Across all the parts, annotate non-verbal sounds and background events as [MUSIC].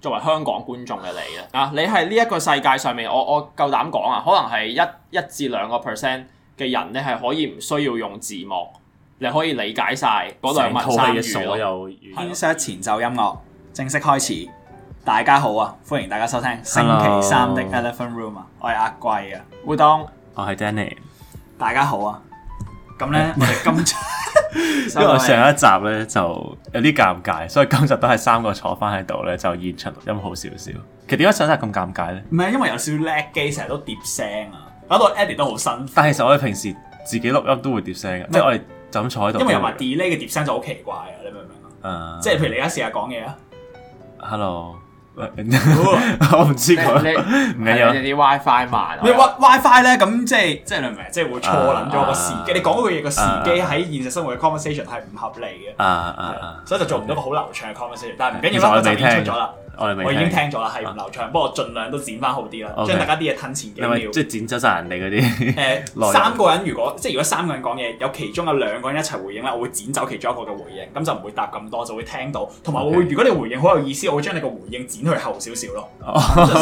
作為香港觀眾嘅你啦，啊，你係呢一個世界上面，我我夠膽講啊，可能係一一至兩個 percent 嘅人咧，係可以唔需要用字幕，你可以理解晒。嗰兩套嘅所有 Insert 前奏音樂，正式開始。大家好啊，歡迎大家收聽星期三的 Elephant Room 啊，Hello. 我係阿 Gwen 啊，烏冬我係 Danny。大家好啊，咁咧，我哋今朝。 [LAUGHS] 因為上一集咧就有啲尷尬，所以今集都係三個坐翻喺度咧，就現場錄音好少少。其實點解上一集咁尷尬咧？唔係因為有少叻機成日都疊聲啊，搞到 Eddie 都好辛苦。但係其實我哋平時自己錄音都會疊聲嘅，是即係我哋就咁坐喺度。因為有埋 delay 嘅疊聲就好奇怪啊，你明唔明啊？Uh, 即係譬如，你而家試下講嘢啊，Hello。我唔知佢，唔緊要，有啲 WiFi 慢。你 WiFi 咧咁，即係即係你明，唔明？即係會錯諗咗個時機。你講嗰句嘢個時機喺現實生活嘅 conversation 係唔合理嘅。所以就做唔到個好流暢嘅 conversation。但係唔緊要啦，我就演出咗啦。don 我已經聽咗啦，係唔流暢，不過盡量都剪翻好啲啦，將大家啲嘢吞前幾秒，即係剪走晒人哋嗰啲。誒，三個人如果即係如果三個人講嘢，有其中有兩個人一齊回應咧，我會剪走其中一個嘅回應，咁就唔會答咁多，就會聽到。同埋我會，如果你回應好有意思，我會將你個回應剪去後少少咯，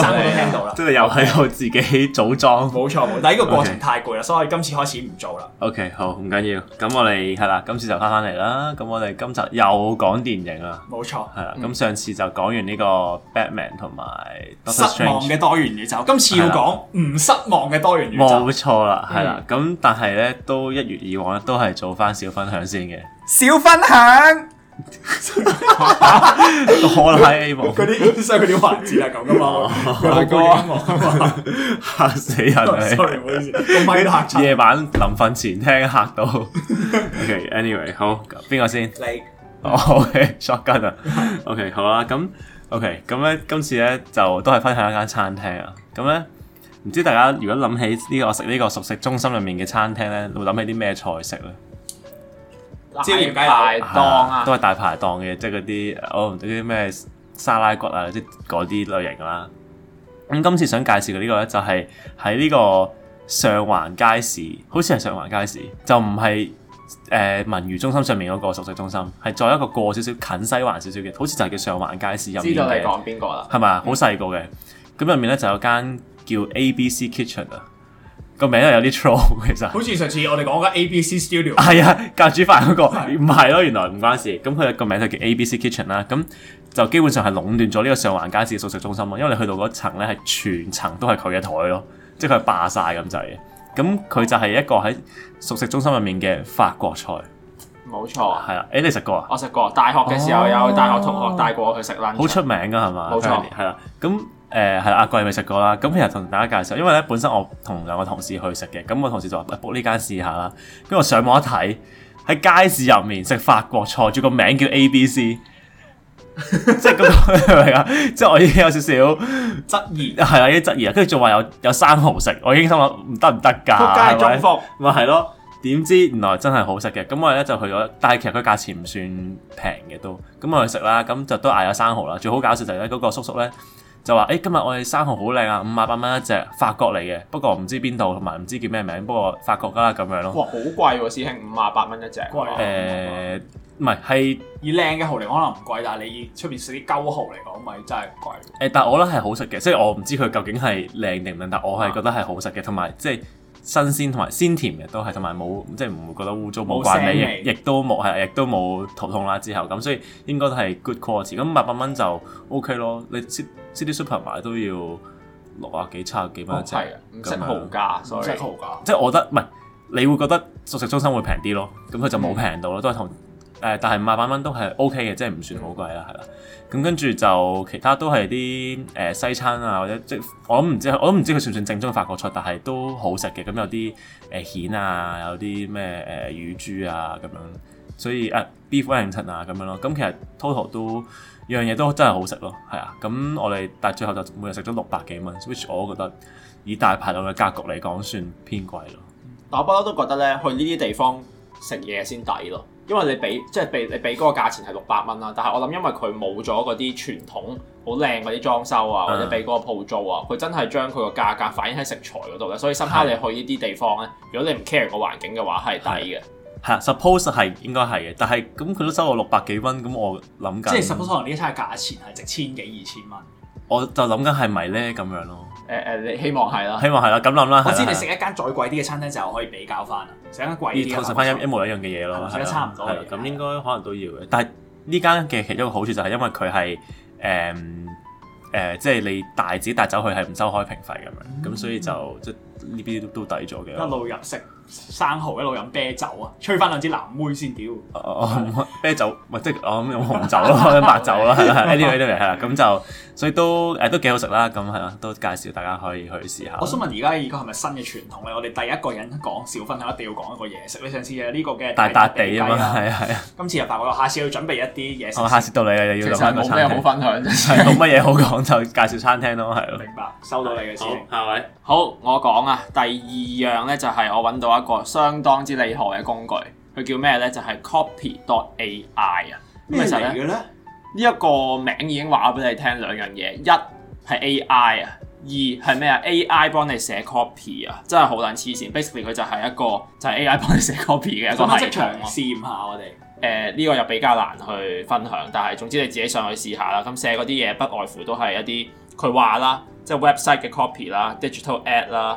三個人聽到啦。即係又喺度自己組裝。冇錯，冇錯，但係呢個過程太攰啦，所以我哋今次開始唔做啦。OK，好，唔緊要。咁我哋係啦，今次就翻翻嚟啦。咁我哋今集又講電影啦。冇錯。係啦，咁上次就講完呢個。哦，Batman 同埋失望嘅多元宇宙，今次要講唔失望嘅多元宇宙，冇錯啦，係啦，咁但係咧都一如以往，都係做翻少分享先嘅，少分享。多啦 A 夢，嗰啲即係嗰啲文字係咁噶嘛，我冇聽我，吓死人，sorry，唔好意思，個麥吓。夜晚臨瞓前聽吓到，OK，Anyway，好邊個先？你，OK，Shotgun 啊，OK，好啦，咁。O.K. 咁咧，今次咧就都係分享一間餐廳啊。咁咧，唔知大家如果諗起呢、呢個食呢個熟食中心裏面嘅餐廳咧，會諗起啲咩菜式咧？椒鹽大排檔啊，啊都係大排檔嘅，即係嗰啲我唔知啲咩沙拉骨啊，即係嗰啲類型啦。咁今次想介紹嘅呢個咧，就係喺呢個上環街市，好似係上環街市，就唔係。誒、呃，文娛中心上面嗰個熟食中心，係再一個過少少近西環少少嘅，好似就係叫上環街市入面嘅。知道你講邊個啦？係嘛、嗯，好細個嘅。咁入面咧就有間叫 A B C Kitchen 啊，個名咧有啲 t r u e 其實。好似上次我哋講緊 A B C Studio，係啊、哎，教煮飯嗰個，唔係咯，原來唔關事。咁佢個名就叫 A B C Kitchen 啦。咁就基本上係壟斷咗呢個上環街市嘅熟食中心啊，因為你去到嗰層咧係全層都係佢嘅台咯，即係佢霸晒咁滯。咁佢、嗯、就係一個喺熟食中心入面嘅法國菜，冇錯錯，係啦。誒、欸，你食過啊？我食過，大學嘅時候有大學同學帶過去食啦，好出、哦、名噶係嘛？冇錯，係啦錯。咁誒，係阿貴咪食過啦。咁其實同大家介紹，因為咧本身我同兩個同事去食嘅，咁我同事就話：，喂呢間試下啦。跟住我上網一睇，喺街市入面食法國菜，仲有個名叫 ABC。 [LAUGHS] [LAUGHS] 即係咁樣係咪啊？即係我已經有少少質疑係啦，啲質疑，啊。 [LAUGHS] 跟住仲話有有生蠔食，我已經心諗唔得唔得㗎，仆街祝福咪係咯？點知原來真係好食嘅，咁我咧就去咗，但係其實佢價錢唔算平嘅都，咁我去食啦，咁就都嗌咗生蠔啦。最好搞笑就係咧嗰個叔叔咧。就話誒、欸，今日我哋生蠔好靚啊，五十八蚊一隻，法國嚟嘅，不過唔知邊度，同埋唔知叫咩名，不過法國噶啦咁樣咯。哇，好貴喎、啊，師兄，五十八蚊一隻。誒、啊，唔係係以靚嘅蠔嚟講可能唔貴，但係你出邊食啲鳩蠔嚟講，咪真係貴、啊。誒、呃，但我覺得係好食嘅，即係我唔知佢究竟係靚定唔靚，但係我係覺得係好食嘅，同埋即係。新鮮同埋鮮甜嘅都係，同埋冇即係唔會覺得污糟，冇怪味，亦亦都冇係亦都冇頭痛啦，之後咁，所以應該都係 good quality。咁八百蚊就 OK 咯，你 City Super 買都要六啊幾七啊幾蚊一隻。哦啊、豪價，所以豪價，即係我覺得唔係，你會覺得熟食中心會平啲咯，咁佢就冇平到咯，嗯、都係同。誒，但係五百蚊都係 OK 嘅，即係唔算好貴啦，係啦。咁跟住就其他都係啲誒西餐啊，或者即我都唔知，我都唔知佢算唔算正宗法國菜，但係都好食嘅。咁有啲誒蜆啊，有啲咩誒乳豬啊咁樣，所以啊 beef and chicken 啊咁樣咯。咁其實 total 都樣嘢都真係好食咯，係啊。咁我哋但係最後就每日食咗六百幾蚊，which 我覺得以大排檔嘅格局嚟講，算偏貴咯。我不嬲都覺得咧，去呢啲地方食嘢先抵咯。因為你俾即係俾你俾嗰個價錢係六百蚊啦，但係我諗因為佢冇咗嗰啲傳統好靚嗰啲裝修啊，嗯、或者俾嗰個鋪租啊，佢真係將佢個價格反映喺食材嗰度咧，所以深刻你去呢啲地方咧，是的 如果你唔 care 個環境嘅話，係抵嘅。係 suppose 係應該係嘅，但係咁佢都收我六百幾蚊，咁我諗緊。即係 suppose 可能呢餐嘅價錢係值千幾二千蚊。我就諗緊係咪咧，咁樣咯。誒誒、呃呃，你希望係啦。希望係啦，咁諗啦。我知啦你食一間再貴啲嘅餐廳就可以比較翻啦，食一間貴啲。可以嘆食翻一模一樣嘅嘢咯。係啊對，係啊對，咁應該可能都要嘅。但係呢間嘅其中一個好處就係因為佢係誒誒，即係你大紙帶走佢係唔收開瓶費咁樣。咁、嗯、所以就即。就呢邊都抵咗嘅，一路入食生蠔，一路飲啤酒啊，吹翻兩支藍妹先屌。啤酒唔係即係我諗用紅酒啦，白酒啦呢啲 anyway 都嚟係啦，咁就所以都誒都幾好食啦，咁係啦，都介紹大家可以去試下。我想問而家而家係咪新嘅傳統咧？我哋第一個人講，小分享一定要講一個嘢食。你上次嘅呢個嘅大笪地啊嘛，係啊，今次入白我，下次要準備一啲嘢食。我下次到你又要做翻個餐。冇咩好分享，冇乜嘢好講，就介紹餐廳咯，係咯。明白，收到你嘅指令係咪？好，我講。第二樣咧就係、是、我揾到一個相當之厲害嘅工具，佢叫咩咧？就係、是、copy.ai 啊。咁其實咧，呢一個名已經話咗俾你聽兩樣嘢，一係 AI 啊，二係咩啊？AI 幫你寫 copy 啊，真係好撚黐線。Basically 佢就係一個就係、是、AI 幫你寫 copy 嘅一個方式。試下我哋。誒呢、呃這個又比較難去分享，但係總之你自己上去試下啦。咁寫嗰啲嘢不外乎都係一啲佢話啦，即係 website 嘅 copy 啦、digital ad 啦。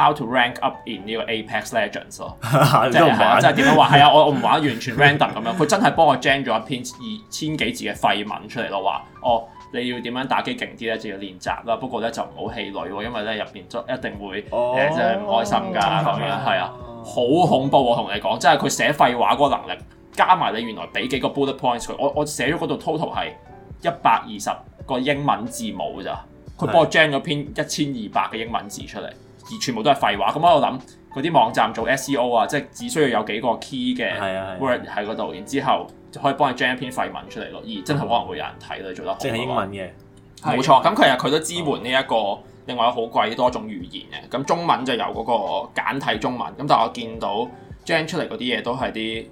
How to rank up in 呢個 Apex Legends 咯，即係點樣話係啊？我我唔玩完全 random 咁樣，佢真係幫我 gen 咗一篇二千幾字嘅廢文出嚟咯。話哦，你要點樣打機勁啲咧，就要練習啦。不過咧就唔好氣餒喎，因為咧入邊一定會誒真係唔開心㗎。係啊，係啊，好恐怖！我同你講，即係佢寫廢話嗰個能力，加埋你原來俾幾個 bullet points 佢，我我寫咗嗰度 total 係一百二十個英文字母咋，佢幫我 gen 咗篇一千二百嘅英文字出嚟。而全部都係廢話，咁我喺度諗嗰啲網站做 SEO 啊，即係只需要有幾個 key 嘅 word 喺嗰度，然之後就可以幫你 generate 一篇廢文出嚟咯。而真係可能會有人睇到你做得好。即係英文嘅，冇錯吧。咁、啊、其實佢都支援呢、這、一個另外好鬼多種語言嘅。咁中文就有嗰個簡體中文。咁但係我見到 generate 出嚟嗰啲嘢都係啲。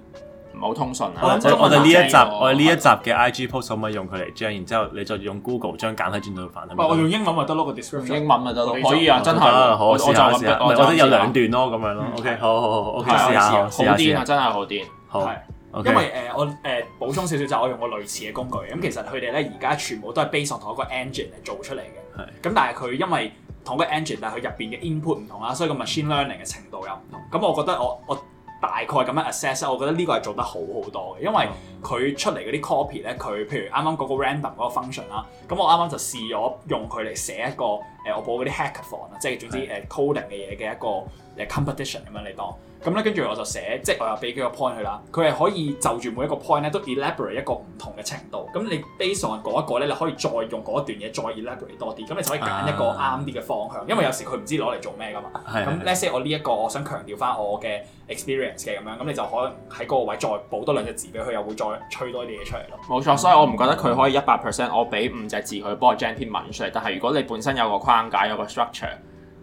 唔好通順啊！我我哋呢一集，我哋呢一集嘅 IG post 可唔可以用佢嚟將，然之後你再用 Google 將簡體轉到繁體。我用英文咪得咯個 description 英文咪得咯，可以啊，真係。我我就我我覺得有兩段咯，咁樣咯。OK，好好好，ok 試下試下好啲啊，真係好啲。好，因為誒我誒補充少少就我用個類似嘅工具，咁其實佢哋咧而家全部都係 base on 同一個 engine 嚟做出嚟嘅。係。咁但係佢因為同一個 engine，但係佢入邊嘅 input 唔同啦，所以個 machine learning 嘅程度又唔同。咁我覺得我我。大概咁樣 assess 我覺得呢個係做得好好多嘅，因為佢出嚟嗰啲 copy 咧，佢譬如啱啱嗰個 random 嗰個 function 啦，咁我啱啱就試咗用佢嚟寫一個誒、呃，我報嗰啲 hackathon 啊，即係總之誒 coding 嘅嘢嘅一個 competition 咁樣嚟當。咁咧，跟住我就寫，即係我又俾幾個 point 佢啦。佢係可以就住每一個 point 咧，都 elaborate 一個唔同嘅程度。咁你 base on 嗰一個咧，你可以再用嗰一段嘢再 elaborate 多啲。咁你就可以揀一個啱啲嘅方向，uh, 因為有時佢唔知攞嚟做咩噶嘛。咁，let's say 我呢一個，我想強調翻我嘅 experience 嘅咁樣，咁你就可能喺嗰個位再補多兩隻字俾佢，又會再吹多啲嘢出嚟咯。冇錯，所以我唔覺得佢可以一百 percent。我俾五隻字佢幫我 generate 出嚟，但係如果你本身有個框架，有個 structure。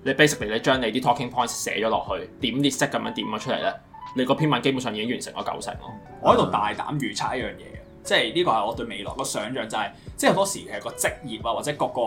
你 basically 你將你啲 talking points 寫咗落去，點列式咁樣點咗出嚟咧，你個篇文基本上已經完成咗九成咯。Uh huh. 我喺度大膽預測一樣嘢，即係呢個係我對未來個想像、就是，就係即係好多時其實個職業啊或者各個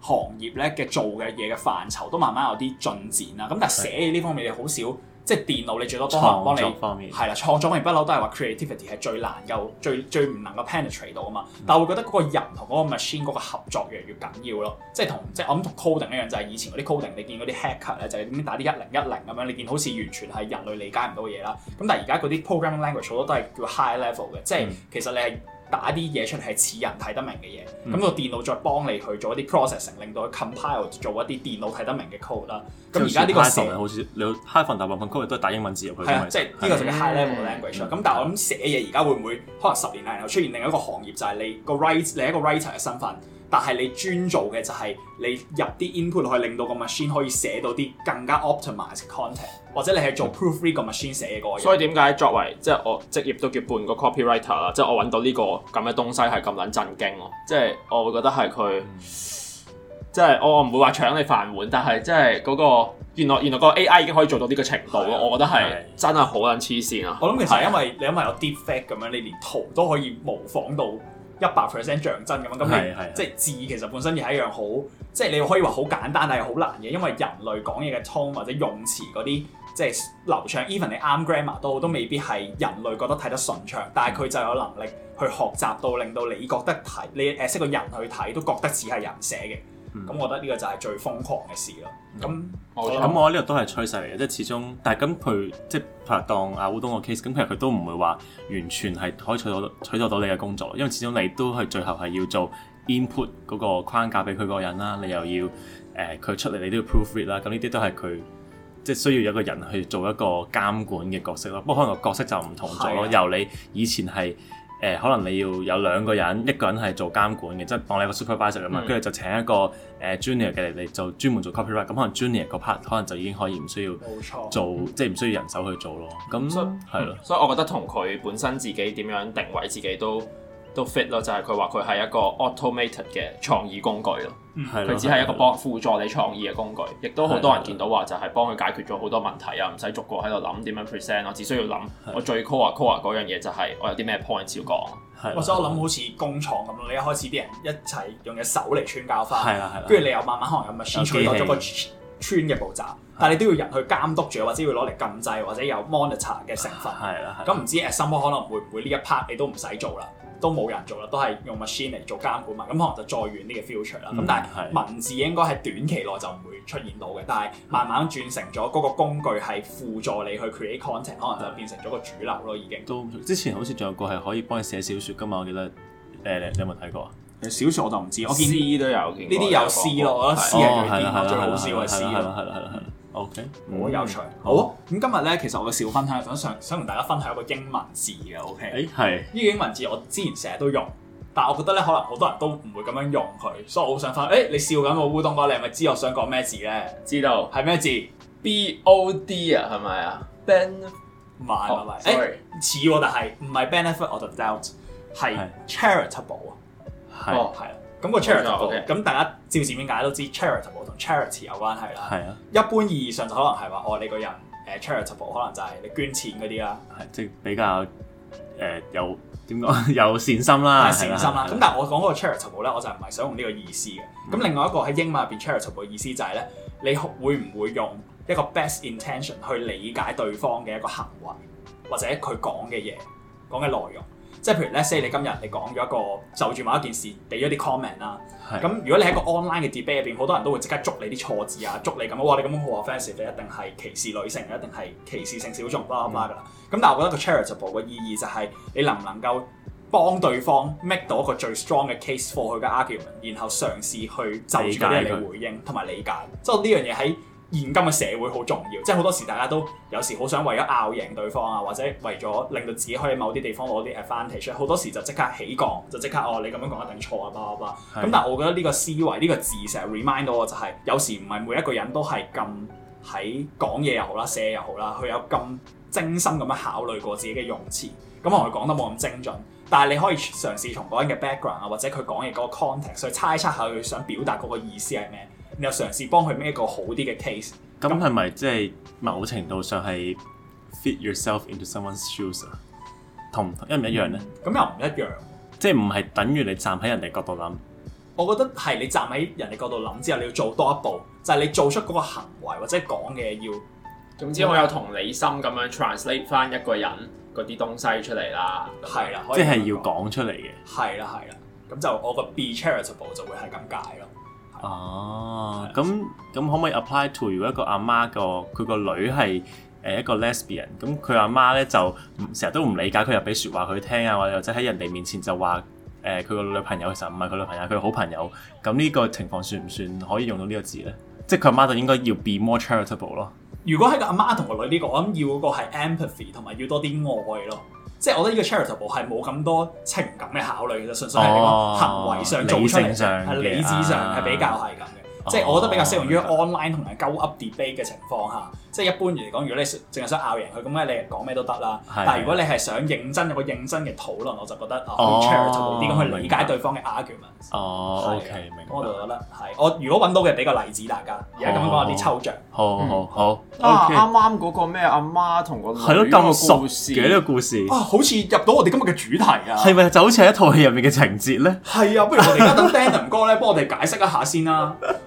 行業咧嘅做嘅嘢嘅範疇都慢慢有啲進展啦。咁但係寫呢方面你好少。即係電腦，你最多幫人幫你係啦，創作性不嬲都係話 creativity 係最難夠最最唔能夠 penetrate 到啊嘛。嗯、但係會覺得嗰個人同嗰個 machine 嗰個合作越嚟越緊要咯。即係同即係我諗同 coding 一樣，就係、是、以前嗰啲 coding 你見嗰啲 hacker 咧，就係、是、點打啲一零一零咁樣，你見好似完全係人類理解唔到嘅嘢啦。咁但係而家嗰啲 programming language 好多都係叫 high level 嘅，嗯、即係其實你係，打啲嘢出嚟係似人睇得明嘅嘢，咁個、嗯、電腦再幫你去做一啲 processing，令到佢 compile 做一啲電腦睇得明嘅 code 啦、嗯。咁而家呢個寫 one，好似你 high level programming 都係打英文字入去。即係呢個就叫 high level language 啦、啊。咁、嗯、但係我諗寫嘢而家會唔會可能十年後出現另一個行業，就係、是、你個 write 你一個 writer 嘅身份。但係你專做嘅就係你入啲 input 可以令到個 machine 可以寫到啲更加 optimised content，或者你係做 proofread 個 machine 寫嘅個。所以點解作為即係我職業都叫半個 copywriter 啦、這個，即係我揾到呢個咁嘅東西係咁撚震驚咯，即係我會覺得係佢，即係我唔會話搶你飯碗，但係即係嗰、那個原來原來個 AI 已經可以做到呢個程度咯，的我覺得係的真係好撚黐線啊！我諗其實因為的你因為有 deepfake 咁樣，你連圖都可以模仿到。一百 percent 像真咁樣，咁你的即係字其實本身亦係一樣好，即係你可以話好簡單，但係好難嘅，因為人類講嘢嘅 tone 或者用詞嗰啲，即係流暢，even 你啱 grammar 都好都未必係人類覺得睇得順暢，的但係佢就有能力去學習到令到你覺得睇你誒識個人去睇都覺得似係人寫嘅。咁、嗯、我覺得呢個就係最瘋狂嘅事咯。咁咁、嗯、我覺得呢個都係趨勢嚟嘅，即係始終。但係咁佢即係譬如當阿烏冬個 case，咁其實佢都唔會話完全係可以取到取得到你嘅工作，因為始終你都係最後係要做 input 嗰個框架俾佢個人啦。你又要誒佢、呃、出嚟，你都要 proof it 啦。咁呢啲都係佢即係需要有個人去做一個監管嘅角色咯。不過可能個角色就唔同咗咯，啊、由你以前係。誒、呃、可能你要有兩個人，一個人係做監管嘅，即係當你係個 supervisor 咁嘛、嗯。跟住就請一個誒、呃、junior 嘅嚟做專門做 copywriter，咁、嗯、可能 junior 個 part 可能就已經可以唔需要做，嗯、即係唔需要人手去做咯。咁係咯，所以我覺得同佢本身自己點樣定位自己都。都 fit 咯，就係佢話佢係一個 automated 嘅創意工具咯，佢只係一個幫輔助你創意嘅工具，亦都好多人見到話就係幫佢解決咗好多問題啊，唔使逐個喺度諗點樣 present 我只需要諗我最 core core 嗰樣嘢就係我有啲咩 point 要講。或者我諗好似工廠咁，你一開始啲人一齊用隻手嚟穿膠花，跟住你又慢慢可能有 machine 取代咗個穿嘅步驟，但係你都要人去監督住，或者要攞嚟禁制，或者有 monitor 嘅成分。咁唔知 Atmos 可能會唔會呢一 part 你都唔使做啦？都冇人做啦，都係用 machine 嚟做監管嘛，咁可能就再遠啲嘅 future 啦。咁但係文字應該係短期內就唔會出現到嘅，但係慢慢轉成咗嗰個工具係輔助你去 create content，可能就變成咗個主流咯，已經。都之前好似仲有個係可以幫你寫小説㗎嘛，我記得。誒、呃，你有冇睇過啊？小説我就唔知，我見 C, C 都有嘅，呢啲有 C 咯、哦，我 C 係最啲，的的最好笑嘅 C 啦，係啦，係 OK，好有趣，好。啊，咁今日咧，其實我嘅小 Fun 享想想想同大家分享一個英文字嘅 OK。誒，係。呢個英文字我之前成日都用，但我覺得咧可能好多人都唔會咁樣用佢，所以我好想分享。誒，你笑緊個烏冬瓜，你係咪知我想講咩字咧？知道，係咩字？B O D 啊，係咪啊？Benefit，誒，似，但係唔係 benefit，我就 doubt，係 charitable 啊，係係。咁個 charitable，咁 Okay. 大家照字面解都知 charitable 同 charity 有關係啦。係啊，一般意義上就可能係話，我、哦、你個人誒、eh, charitable，可能就係你捐錢嗰啲啦。係即是比較誒、呃、有點講對有善心啦，善心啦。咁吧吧但係我講嗰個 charitable 咧，我就唔係想用呢個意思嘅。咁、嗯、另外一個喺英文入邊 charitable 嘅意思就係、是、咧，你會唔會用一個 best intention 去理解對方嘅一個行為或者佢講嘅嘢，講嘅內容？即係譬如 let's say 你今日你講咗一個就住某一件事俾咗啲 comment 啦的，咁如果你喺一個 online 嘅 debate 入邊，好多人都會即刻捉你啲錯字啊，捉你咁樣，哇你咁好 offensive，一定係歧視女性，一定係歧視性小眾，blah blah blah 噶啦。咁、嗯、但係我覺得個 charitable 嘅意義就係你能唔能夠幫對方 make 到一個最 strong 嘅 case for 佢嘅 argument，然後嘗試去就住咁樣嚟回應同埋理解。即係呢樣嘢喺現今嘅社會好重要，即係好多時大家都有時好想為咗拗贏對方啊，或者為咗令到自己可以某啲地方攞啲 advantage，好多時就即刻起降，就即刻哦你咁樣講一定錯啊！咁的，但係我覺得呢個思維呢個字成日 remind 到我，就係，就係有時唔係每一個人都係咁喺講嘢又好啦，寫又好啦，佢有咁精心咁樣考慮過自己嘅用詞，咁我哋講得冇咁精準，但係你可以嘗試從嗰個人嘅 background 啊，或者佢講嘢嗰個 context 去猜測下佢想表達嗰個意思係咩。你又嘗試幫佢 make 一個好啲嘅 case。咁係咪即係某程度上係 fit yourself into someone's shoes 啊？同唔一唔一樣咧？咁又唔一樣，即係唔係等於你站喺人哋角度諗？我覺得係你站喺人哋角度諗之後，你要做多一步，就係你做出嗰個行為或者講嘅嘢要總之，我有同理心咁樣 translate 翻一個人嗰啲東西出嚟啦。係啦，即係要講出嚟嘅。係啦，係啦，咁就我個 be charitable 就會係咁解咯。哦，咁咁可唔可以 apply to？如果一個阿媽個佢個女係誒一個 lesbian，咁佢阿媽咧就成日都唔理解，佢又俾説話佢聽啊，或者喺人哋面前就話誒佢個女朋友其實唔係佢女朋友，佢好朋友。咁呢個情況算唔算可以用到呢個字呢？即係佢阿媽就應該要 be more charitable 咯。如果係個阿媽同個女呢個，我諗要嗰個係 empathy 同埋要多啲愛咯。即係我覺得呢個 charitable 係冇咁多情感嘅考慮，其實純粹係呢個行為上做出嚟嘅，理，理智上係比較係咁嘅。即係我覺得比較適用於 online 同人交 up debate 嘅情況下，即係一般嚟講，如果你淨係想拗贏佢咁咧，你講咩都得啦。但係如果你係想認真有個認真嘅討論，我就覺得啊，charitable 就好啲，咁去理解對方嘅 arguments。哦，OK，明。我就覺得係，我如果揾到嘅畀個例子，大家而家咁樣講有啲抽象。好好好，啱啱嗰個咩阿媽同個女嘅故事。係咯，咁熟嘅呢個故事。啊，好似入到我哋今日嘅主題啊！係咪？就好似係一套戲入面嘅情節咧。係啊，不如我哋而家等 Denim 哥咧幫我哋解釋一下先啦。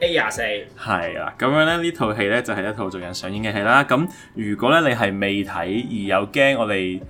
A 廿四係啦，咁樣咧，呢套戲咧就係、是、一套最近上映嘅戲啦。咁如果咧你係未睇而又驚我哋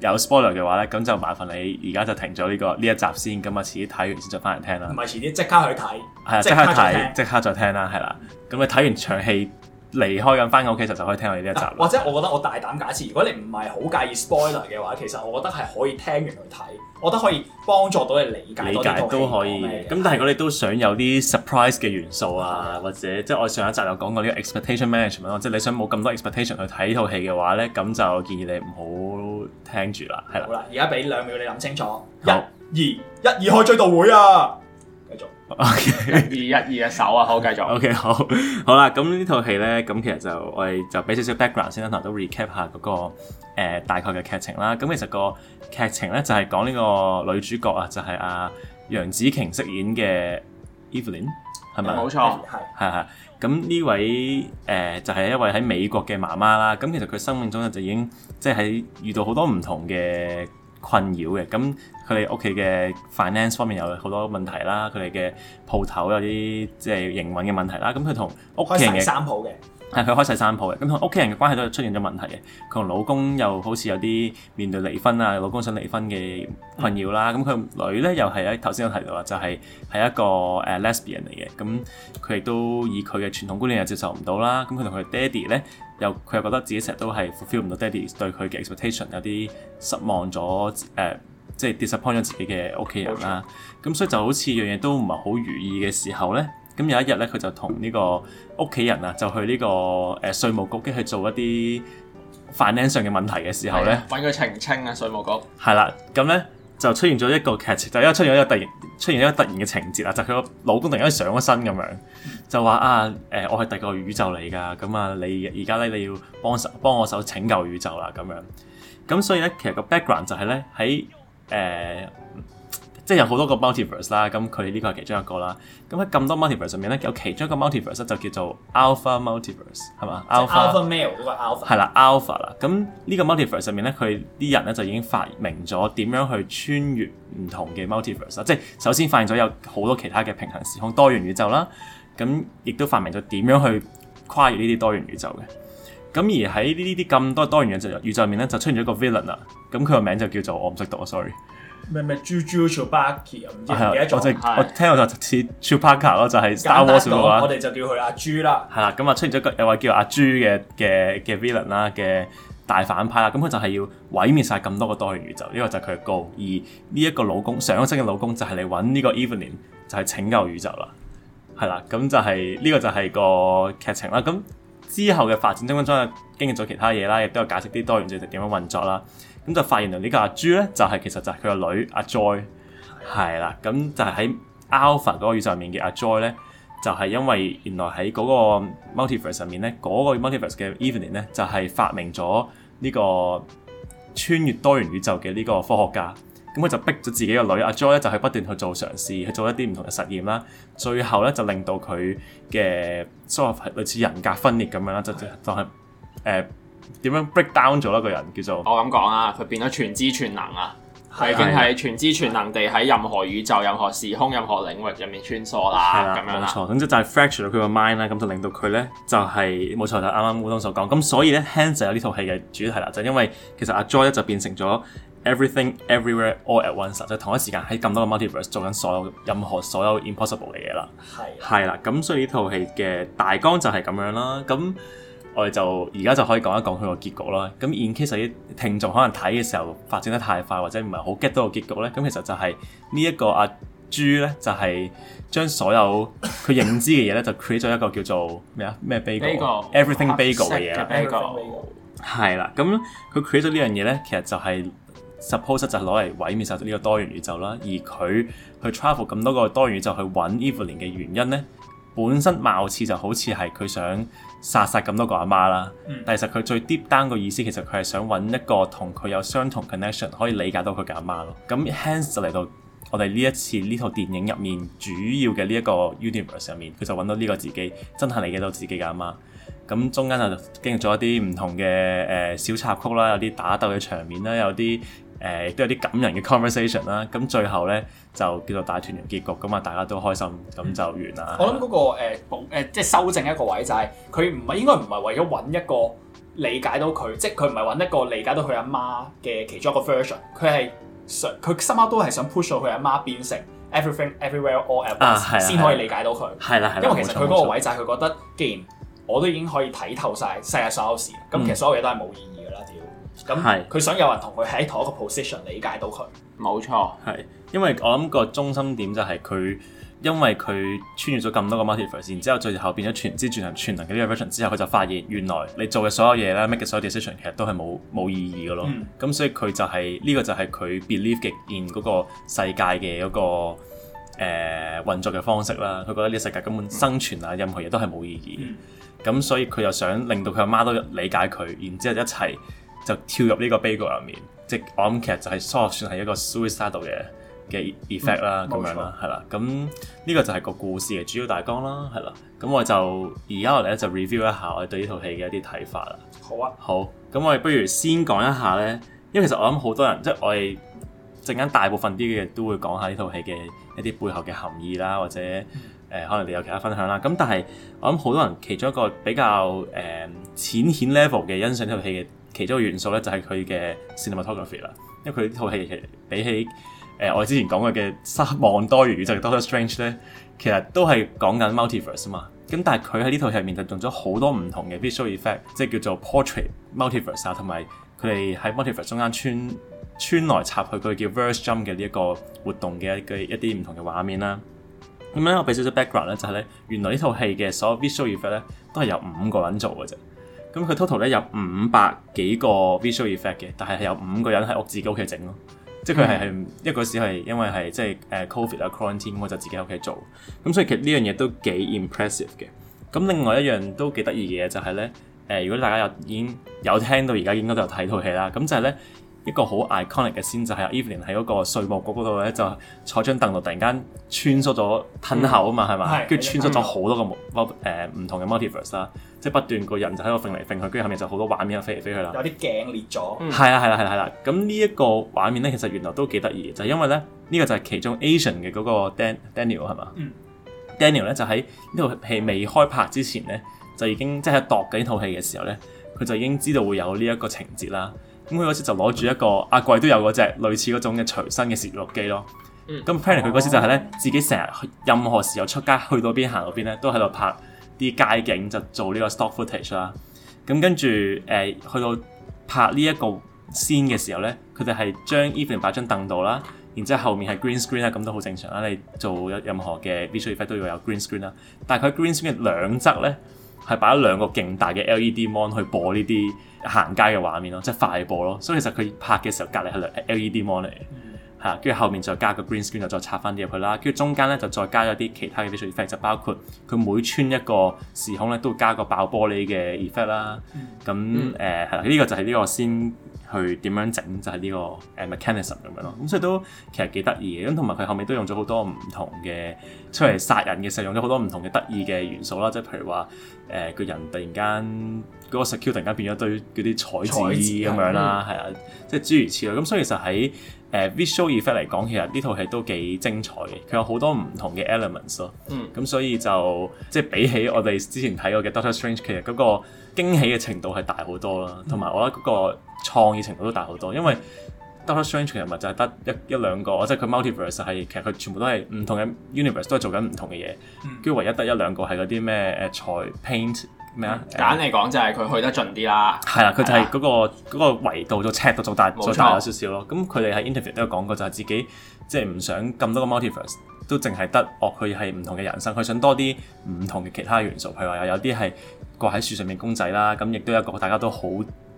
有 spoiler 嘅話咧，咁就麻煩你而家就停咗呢、這個呢一集先，咁啊遲啲睇完先再翻嚟聽啦。唔係遲啲即刻去睇，係啊即刻睇，即刻再聽啦，係啦。咁你睇完場戲離開緊翻屋企就就可以聽我哋呢一集。或者我覺得我大膽假設，如果你唔係好介意 spoiler 嘅話，其實我覺得係可以聽完去睇。我覺得可以幫助到你理解，理解都可以。咁但係如果你都想有啲 surprise 嘅元素啊，或者即係、就是、我上一集有講過呢個 expectation management 咯，即係你想冇咁多 expectation 去睇套戲嘅話咧，咁就建議你唔好聽住啦，係啦。好啦，而家俾兩秒你諗清楚，一好、二，一、二開追悼會啊！O K，二一二一手啊，好，繼續。O、okay, K，好好啦，咁呢套戲咧，咁其實就我哋就俾少少 background 先啦，同埋都 recap 下嗰、那個誒、呃、大概嘅劇情啦。咁其實個劇情咧就係講呢個女主角啊，就係阿楊紫瓊飾演嘅 Evelyn，係咪啊？冇錯，係係係。咁呢是是位誒、呃、就係、是、一位喺美國嘅媽媽啦。咁其實佢生命中咧就已經即係喺遇到好多唔同嘅。困擾嘅，咁佢哋屋企嘅 finance 方面有好多問題啦，佢哋嘅鋪頭有啲即係營運嘅問題啦，咁佢同屋企嘅三鋪嘅。係佢開晒三鋪嘅，咁同屋企人嘅關係都出現咗問題嘅。佢同老公又好似有啲面對離婚啊，老公想離婚嘅困擾啦。咁佢、嗯、女咧又係喺頭先有提到啦，就係、係、係一個誒、uh, lesbian 嚟嘅。咁佢亦都以佢嘅傳統觀念又接受唔到啦。咁佢同佢爹哋咧又佢又覺得自己成日都係 fulfil 唔到爹哋對佢嘅 expectation，有啲失望咗誒，即、uh, 係 disappoint 咗自己嘅屋企人啦。咁、嗯、所以就好似樣嘢都唔係好如意嘅時候咧。咁有一日咧，佢就同呢個屋企人啊，就去呢、呢個誒、呃、稅務局，跟去做一啲 financial 嘅問題嘅時候咧，揾佢澄清啊，稅務局。係啦，咁咧就出現咗一個劇情，就因為出現咗一個突然出現一個突然嘅情節啊，就佢、個、老公突然間上咗身咁樣，就話啊誒、呃，我係第個宇宙嚟噶，咁啊你而家咧你要幫手幫我手拯救宇宙啦咁樣。咁所以咧，其實個 background 就係咧喺誒。即係有好多個 multiverse 啦，咁佢呢個係其中一個啦。咁喺咁多 multiverse 上面咧，有其中一個 multiverse 就叫做 Alpha multiverse 係嘛？即係 Alpha male、啊、嗰個 Alpha。係啦，Alpha 啦。咁呢個 multiverse 上面咧，佢啲人咧就已經發明咗點樣去穿越唔同嘅 multiverse 啦。即係首先發現咗有好多其他嘅平行時空、多元宇宙啦。咁亦都發明咗點樣去跨越呢啲多元宇宙嘅。咁而喺呢啲咁多多元宇宙宇宙入面咧，就出現咗一個 villain 啦。咁佢個名就叫做我唔識讀，sorry。咩咩豬豬 Chewbacca，唔知叫咩咗？我聽，我就似 Chewbacca 咯，就係 Star Wars 嘅話，我哋就叫佢阿豬啦。係啦，咁啊出現咗個又話叫阿豬嘅嘅嘅 villain 啦，嘅大反派啦，咁佢就係要毀滅晒咁多個多元宇宙，呢個就係佢嘅高。而呢一個老公，上一集嘅老公就係嚟搵呢個 Evening 就係拯救宇宙啦。係啦，咁就係呢個就係個劇情啦。咁之後嘅發展中間，經歷咗其他嘢啦，亦都有解釋啲多元宇宙點樣運作啦。咁就發現原來呢個阿朱咧，就係、是、其實就係佢個女阿 Joy，係啦。咁就係喺 Alpha 嗰個宇宙入面嘅阿 Joy 咧，就係、是、因為原來喺嗰個 Multiverse 上面咧，嗰、那個 Multiverse 嘅 Evening 咧，就係、是、發明咗呢個穿越多元宇宙嘅呢個科學家。咁佢就逼咗自己個女阿 Joy 咧，就係、是、不斷去做嘗試，去做一啲唔同嘅實驗啦。最後咧，就令到佢嘅所謂係類似人格分裂咁樣啦，就就就係誒點樣 break down 咗咧？個人叫做我咁講啊，佢變咗全知全能啊，係定係全知全能地喺任何宇宙、任何時空、任何領域入面穿梭啦，係啦的，冇、啊、錯，總之就係、是、fracture 咗佢個 mind 啦，咁就令到佢咧就係、是、冇錯就啱啱烏冬所講，咁所以咧，hence 有呢套戲嘅主題啦，就是、因為其實阿 Joy 咧就變成咗 everything everywhere all at once，就同一時間喺咁多個 multiverse 做緊所有任何所有 impossible 嘅嘢啦，係的，係啦，咁所以呢套戲嘅大綱就係咁樣啦、啊，咁。嗯我哋就而家就可以講一講佢個結局啦。咁 in case 啲聽眾可能睇嘅時候發展得太快，或者唔係好 get 到個結局咧，咁其實就係、是這個啊、呢一個阿豬咧，就係、是、將所有佢認知嘅嘢咧，就 create 咗一個叫做咩啊咩 bagel，everything bagel 嘅嘢啊。bagel 係啦，咁佢 create 咗呢樣嘢咧，其實就係 suppose 就攞嚟毀滅曬呢個多元宇宙啦。而佢去 travel 咁多個多元宇宙去揾 Evelyn 嘅原因咧，本身貌似就好似係佢想。殺殺咁多個阿媽啦，但係其實佢最 deep down 個意思，其實佢係想揾一個同佢有相同 connection 可以理解到佢嘅阿媽咯。咁 hans 就嚟到我哋呢一次呢套電影入面主要嘅呢一個 universe 上面，佢就揾到呢個自己真係理解到自己嘅阿媽。咁中間就經歷咗一啲唔同嘅誒、呃、小插曲啦，有啲打鬥嘅場面啦，有啲誒、呃、都有啲感人嘅 conversation 啦。咁最後呢。就叫做大團圓結局，咁啊大家都開心，咁就完啦。我諗、嗰個誒誒、呃呃、即係修正一個位，就係佢唔係應該唔係為咗揾一個理解到佢，即係佢唔係揾一個理解到佢阿媽嘅其中一個 version，佢係想佢心奧都係想 push 到佢阿媽變成 everything everywhere all at once 先可以理解到佢。係啦，係因為其實佢個位就係佢覺得，既然我都已經可以睇透晒世界所有事，咁、嗯、其實所有嘢都係冇意。咁係，佢想有人同佢喺同一個 position 的理解到佢，冇錯錯。係，因為我諗個中心點就係佢，因為佢穿越咗咁多個 multiverse，然之後最後變咗全知全能全能嘅呢個 version 之後，佢就發現原來你做嘅所有嘢咧，make 嘅所有 decision 其實都係冇冇意義嘅咯。咁、嗯、所以佢就係、是、呢、這個就係佢 believe 嘅喺嗰個世界嘅嗰、那個誒運、呃、作嘅方式啦。佢覺得呢個世界根本生存啊，嗯、任何嘢都係冇意義咁、嗯、所以佢又想令到佢阿媽都理解佢，然之後一齊。就跳入呢個 bagel 入面，即我諗，其實就係、是、算係一個 suicidal 嘅嘅 effect 啦、嗯，咁樣啦，係啦錯。咁呢個就係個故事嘅主要大綱啦，係啦。咁我就而家我哋咧就 review 一下我哋對呢套戲嘅一啲睇法啦。好啊。好，咁我哋不如先講一下咧，因為其實我諗好多人即係、就是、我哋陣間大部分啲嘅都會講下呢套戲嘅一啲背後嘅含義啦，或者誒、呃、可能你有其他分享啦。咁但係我諗好多人其中一個比較誒、呃、淺顯 level 嘅欣賞呢套戲嘅。其中一個元素咧就係、是、佢嘅 cinematography 啦，因為佢呢套戲其實比起誒、呃、我之前講過嘅《失控多元宇宙》Doctor、就是、Strange 咧，其實都係講緊 multiverse 嘛。咁但係佢喺呢套戲入面就用咗好多唔同嘅 visual effect，即係叫做 portrait multiverse 啊，同埋佢哋喺 multiverse 中間穿穿來插去，佢叫 verse jump 嘅呢一個活動嘅一啲唔同嘅畫面啦。咁、嗯、樣我俾少少 background 咧，就係、是、咧原來呢套戲嘅所有 visual effect 咧都係由五個人做嘅啫。咁佢 total 咧有五百幾個 visual effect 嘅，但係有五個人喺屋自己屋企整咯，即係佢係係一個時係因為係即係誒 COVID 啊 quarantine，我就自己喺屋企做，咁所以其實呢樣嘢都幾 impressive 嘅。咁另外一樣都幾得意嘅嘢就係咧，誒、呃、如果大家有已經有聽到而家應該都有睇套戲啦，咁就係咧。一個好 iconic 嘅先就係 Evelyn 喺嗰個稅務局嗰度咧，就坐張凳度突然間穿梭咗吞口啊嘛，係嘛、嗯？跟住吧穿梭咗好多個模唔、呃、同嘅 multiverse 啦，即係不斷個人就喺度揈嚟揈去，跟住後面就好多畫面飛嚟飛去啦。有啲鏡裂咗。係、嗯、啊係啦係啦，咁、啊啊啊、呢一個畫面咧，其實原來都幾得意嘅，就係、因為咧呢、呢個就係其中 Asian 嘅嗰個 Dan, Dan, Daniel 係嘛、嗯？Daniel 咧就喺呢套戲未開拍之前咧，就已經即係度緊呢套戲嘅時候咧，佢就已經知道會有呢一個情節啦。咁佢嗰時就攞住一個阿、啊、貴都有嗰隻類似嗰種嘅隨身嘅攝錄機咯。咁 Frankly 佢嗰時就係咧自己成日任何時候出街去到邊行到邊咧都喺度拍啲街景，就做呢個 stock footage 啦。咁跟住誒、呃、去到拍呢一個 scene 嘅時候咧，佢哋係將 Evelyn 擺張凳度啦，然之後，後面係 green screen 啦，咁都好正常啦。你做任何嘅 visual effect 都要有 green screen 啦。但係佢 green screen 兩側咧係擺咗兩個勁大嘅 LED mon 去播呢啲行街嘅畫面咯，即係快播咯，所以其實佢拍嘅時候，隔離係 LED monitor，係啊，跟住後面再加個 green screen，就再插翻啲入去啦，跟住中間咧就再加咗啲其他嘅 visual effect，就包括佢每穿一個時空咧，都加個爆玻璃嘅 effect 啦，咁誒係啦，呢個就係呢個先。去點樣整就係、是、呢、這個誒 mechanism 咁樣咯，咁、呃 [NOISE] 嗯、所以都其實幾得意嘅，咁同埋佢後面都用咗好多唔同嘅出嚟殺人嘅時候用咗好多唔同嘅得意嘅元素啦，即係譬如話誒個人突然間嗰、那個 security 突然間變咗堆嗰啲彩紙咁樣啦，係啊，即係諸如此類，咁所以其實喺誒、呃、visual effect 嚟講，其實呢套戲都幾精彩嘅，佢有好多唔同嘅 elements 咯，咁、嗯、所以就即係比起我哋之前睇過嘅 Doctor Strange，其實嗰、那個驚喜嘅程度係大好多啦，同埋、嗯、我覺得嗰個創意程度都大好多。因為 Doctor Strange 嘅人物就係得一一兩個，即、就、係、是、佢 Multiverse 係其實佢全部都係唔同嘅 Universe 都係做緊唔同嘅嘢，跟住、嗯、唯一得一兩個係嗰啲咩誒才 Paint 咩啊？Paint, 啊簡嚟講就係佢去得盡啲啦。係啦、啊，佢、啊、就係嗰、那個嗰、那個維度做尺度做大再大少少咯。咁佢哋喺 interview 都有講過就，就係自己即係唔想咁多個 Multiverse 都淨係得哦，佢係唔同嘅人生，佢想多啲唔同嘅其他元素，譬如話有有啲係。個喺樹上面公仔啦，咁亦都有個大家都好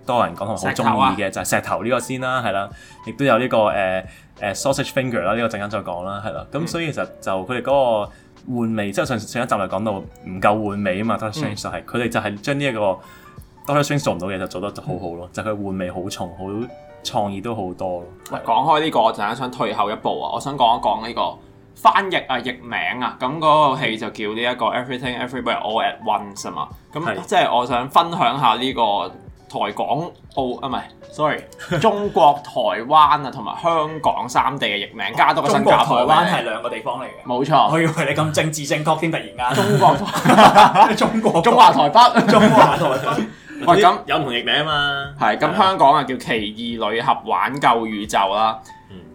多人講同好中意嘅就係石頭呢、啊、個先啦，係啦，亦都有呢、這個誒誒、uh, uh, sausage finger 啦，呢個陣間再講啦，係啦，咁所以其實就佢哋嗰個換味，即係上上一集嚟講到唔夠換味啊嘛 Doctor Strange,、嗯、 就係佢哋就係將呢一個 Doctor Strange 做唔到嘢就做得好好咯，嗯、就佢換味好重，好創意都好多咯。喂，講開呢個，我陣間想退後一步啊，我想講一講呢、這個。翻譯啊，譯名啊，咁嗰個戲就叫呢一個 Everything Everywhere All at Once 啊嘛，咁是的 即係我想分享下呢個台港澳啊，唔、oh, 係，sorry，中國台灣啊，同埋香港三地嘅譯名，加多個新加坡中國台灣係兩個地方嚟嘅，冇錯錯，我以為你咁政治正確添，突然間，中國， [LAUGHS] 中國，中華台北， [LAUGHS] [LAUGHS] 中華台北，喂，咁有同譯名啊嘛，係，咁香港啊叫奇異《奇異女俠玩救宇宙》啦。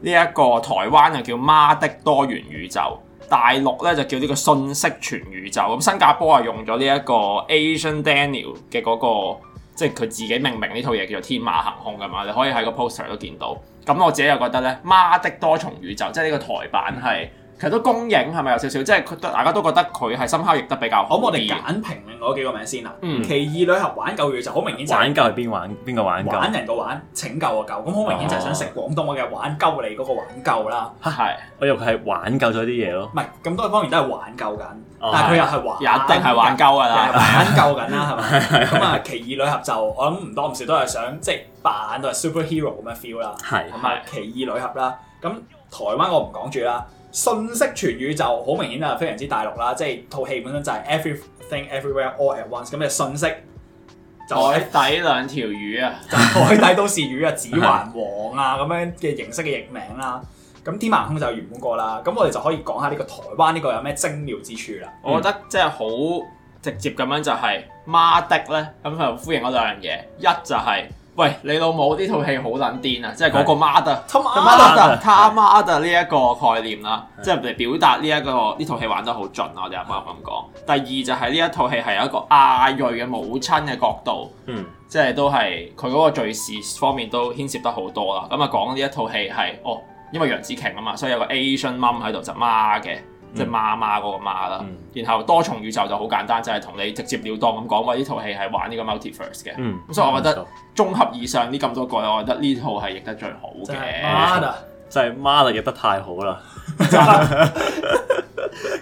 呢一個台灣就叫媽的多元宇宙，大陸咧就叫呢個信息全宇宙，咁新加坡啊用咗呢一個 Asian Daniel 嘅嗰個，即係佢自己命名呢套嘢叫做天馬行空噶嘛，你可以喺個 poster 都見到。咁我自己又覺得咧，媽的多重宇宙，即係呢個台版係。其實都公認係咪有少少，即係佢大家都覺得佢係深刻譯得比較。好，我哋揀評另外幾個名先啦。嗯，奇異女俠玩救宇宙就好明顯。玩救係邊玩？邊個玩救？玩人個玩，拯救個救！咁好明顯就係想食廣東嘅玩救你嗰個玩救啦。嚇係。我以為佢係玩救咗啲嘢咯。唔係，咁多方面都係玩救緊。但係佢又係玩救。一定係玩救㗎啦。玩救緊啦，係咪？咁啊，奇異女俠就我諗唔多唔少都係想即係扮到係 superhero 咁嘅 feel 啦。係。咁啊，奇異女俠啦，咁台灣我唔講住啦。信息全宇宙好明顯啊，非常之大陸啦，即係套戲本身就係 everything everywhere all at once 咁嘅信息。海底兩條魚啊， [LAUGHS] 就海底都是魚啊，指環王啊咁樣嘅形式嘅譯名啦。咁、啊、天馬行空就原本個啦，咁我哋就可以講下呢個台灣呢個有咩精妙之處啦。我覺得即係好直接咁樣就係、是、媽的咧咁就呼應嗰兩樣嘢，一就係、是。喂，你老母呢套戲好撚癲啊！即係嗰個 mother，mother，的她 mother 呢一個概念啦，即係人哋表達呢、這、一個呢套的戲玩得好盡啊！我哋阿媽咁講。第二就係呢一套戲係有一個亞裔嘅母親嘅角度，嗯，即係都係佢嗰個敘事方面都牽涉得好多啦。咁啊，講呢一套戲係哦，因為楊紫瓊啊嘛，所以有個 Asian mum 喺度就媽嘅。即係媽媽嗰個媽啦，然後多重宇宙就好簡單，就係、是、同你直接了當咁講話呢套戲係玩呢個 multiverse 嘅。咁、嗯、所以我覺得綜合以上呢咁多個，我覺得呢套係譯得最好嘅。媽啊，就係媽啊，譯得太好啦！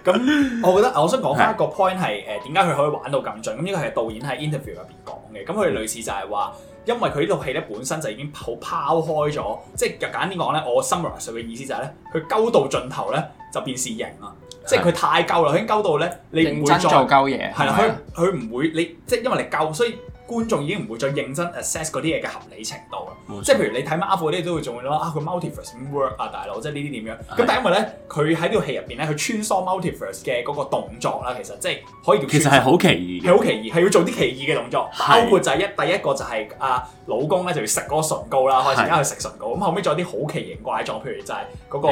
咁 [LAUGHS] [LAUGHS] 我覺得我想講翻一個 point 係誒點解佢可以玩到咁盡？咁呢個係導演喺 interview 入邊講嘅。咁佢哋類似就係話，因為佢呢套戲咧本身就已經好拋開咗，即係簡單啲講咧，我 summary 上嘅意思就係、是、咧，佢鳩到盡頭咧就變是型啦。即係佢太舊啦，喺舊度咧，你唔會再做舊嘢係啦。佢佢唔會，你即係因為你舊，所以。觀眾已經唔會再認真 assess 嗰啲嘢嘅合理程度啦，即係譬如你睇 Marvel 嗰啲都會做咯，啊佢 multiverse work 啊大佬，即係呢啲點樣？咁但係因為咧，佢喺呢套戲入邊咧，佢穿梭 multiverse 嘅嗰個動作啦，其實即係可以叫其實係好奇異，係好奇異，係要做啲奇異嘅動作，包括就係一第一個就係啊，老公咧就要食嗰個唇膏啦，開始而家去食唇膏，咁後尾仲有啲好奇形怪狀，譬如就係嗰個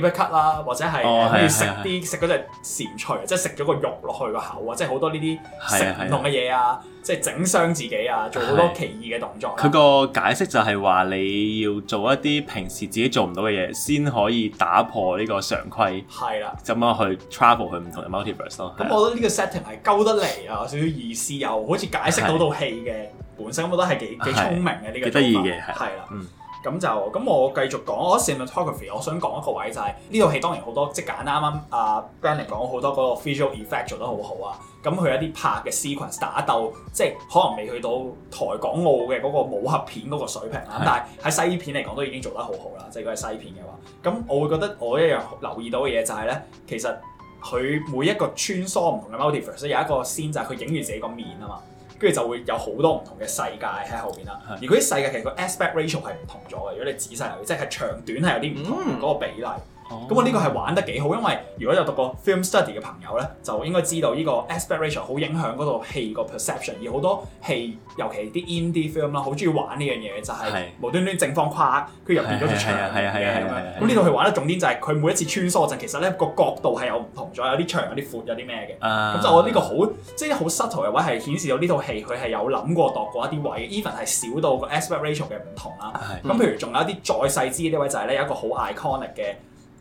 paper cut 啦，或者係食啲食嗰隻蟬蟲，即係食咗個肉落去個口啊，即係好多呢啲食唔同嘅嘢啊，即係整。傷自己啊，做好多奇異嘅動作。佢個解釋就係話，你要做一啲平時自己做唔到嘅嘢，先可以打破呢個常規。係啦的，咁樣去 travel 去唔同嘅 multiverse 咯。咁我覺得呢個 setting 係勾得嚟啊，少少 [LAUGHS] 意思又好似解釋到套戲嘅本身我，我覺得係幾幾聰明嘅呢、這個。幾得意嘅係啦。的咁就咁，我繼續講。我覺得 cinematography，我想講一個位就係呢套戲當然好多即簡單啱啱阿 Ben 嚟講好多嗰個 visual effect 做得好好啊。咁佢、嗯嗯、一啲拍嘅 sequence 打鬥，即係可能未去到台港澳嘅嗰個武俠片嗰個水平，嗯、但係喺西片嚟講都已經做得好好啦。即係佢係西片嘅話，咁我會覺得我一樣留意到嘅嘢就係、是、咧，其實佢每一個穿梭唔同嘅 multiverse 有一個先就係佢影完自己個面啊嘛。跟住就會有好多唔同嘅世界喺後邊啦，而嗰啲世界其實個 aspect ratio 係唔同咗嘅，如果你仔細留意，即係長短係有啲唔同嗰個比例。嗯咁我呢個係玩得幾好，因為如果有讀過 film study 嘅朋友咧，就應該知道呢個 aspect ratio 好影響嗰套戲個 perception，而好多戲尤其啲 indie film 啦，好中意玩呢樣嘢，就係無端端正方跨佢入邊嗰條牆嘅咁樣。咁呢套戲玩得重點就係佢每一次穿梭，陣其實咧個角度係有唔同咗，有啲長，有啲闊，有啲咩嘅。咁就我呢個好即係好 subtle 嘅位，係顯示到呢套戲佢係有諗過度過一啲位，even 係少到個 aspect ratio 嘅唔同啦。咁譬如仲有一啲再細支啲位，就係咧有一個好 iconic 嘅。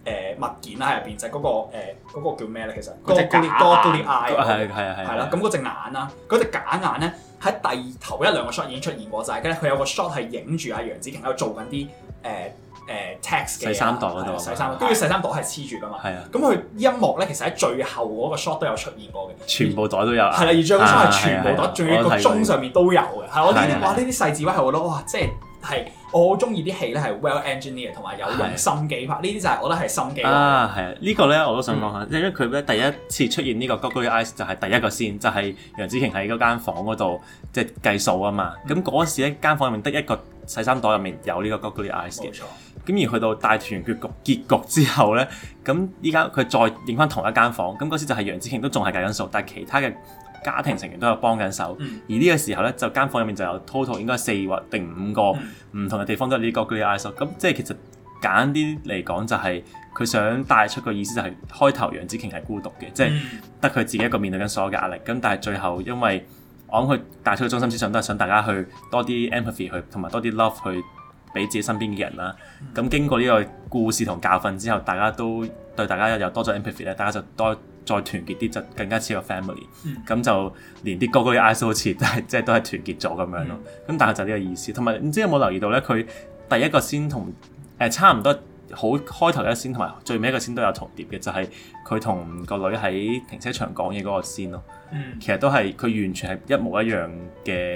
誒物件啦喺入邊，就係嗰個誒叫咩咧？其實嗰隻眼，係係係啦。咁嗰隻眼啦，嗰隻假眼咧喺第頭一兩個 shot 已經出現過曬，跟住佢有個 shot 係影住阿楊紫瓊喺度做緊啲誒誒 text 嘅細衫袋嗰度，細衫，跟住細衫袋係黐住噶嘛。係啊，咁佢呢一幕咧，其實喺最後嗰個 shot 都有出現過嘅。全部袋都有。係啦，而最後係全部袋，仲要個鐘上面都有嘅。係我呢啲哇，呢啲細字位係我覺得哇，即係係。我好中意啲戲咧，係 well engineered 同埋有用心機拍，呢啲的就係我覺得係心機。啊，係啊，這個、呢個咧我都想講下，即係、嗯、因為佢咧第一次出現呢個 googly eyes 就係第一個先、嗯，就係楊紫瓊喺嗰間房嗰度即係計數啊嘛。咁嗰、嗯、時咧間房入面得一個洗衫袋入面有呢個 googly eyes 嘅。咁錯而去到大團圓結局結局之後咧，咁依家佢再影翻同一間房，咁嗰時就係楊紫瓊都仲係計緊數，但係其他嘅。家庭成員都有幫緊手，而呢個時候呢，就間房入面就有 total 應該四或定五個唔同嘅地方都有呢啲 eyes。咁即係其實簡單啲嚟講就係佢想帶出嘅意思就係開頭楊紫瓊係孤獨嘅，即係得佢自己一個面對緊所有嘅壓力，咁但係最後因為我諗佢帶出嘅中心思想都係想大家去多啲 empathy 去同埋多啲 love 去俾自己身邊嘅人啦，咁經過呢個故事同教訓之後，大家都對大家又多咗 empathy 咧，大家就多。再團結啲就更加似個 family，咁、嗯、就連啲高高嘅 ice 都係，但係即係都係團結咗咁樣咯。咁、嗯、但係就呢個意思，同埋唔知有冇留意到咧？佢第一個先同誒、呃、差唔多。好開頭一先同埋最尾一個先都有重疊嘅，就係佢同個女喺停車場講嘢嗰個先咯。嗯、其實都係佢完全係一模一樣嘅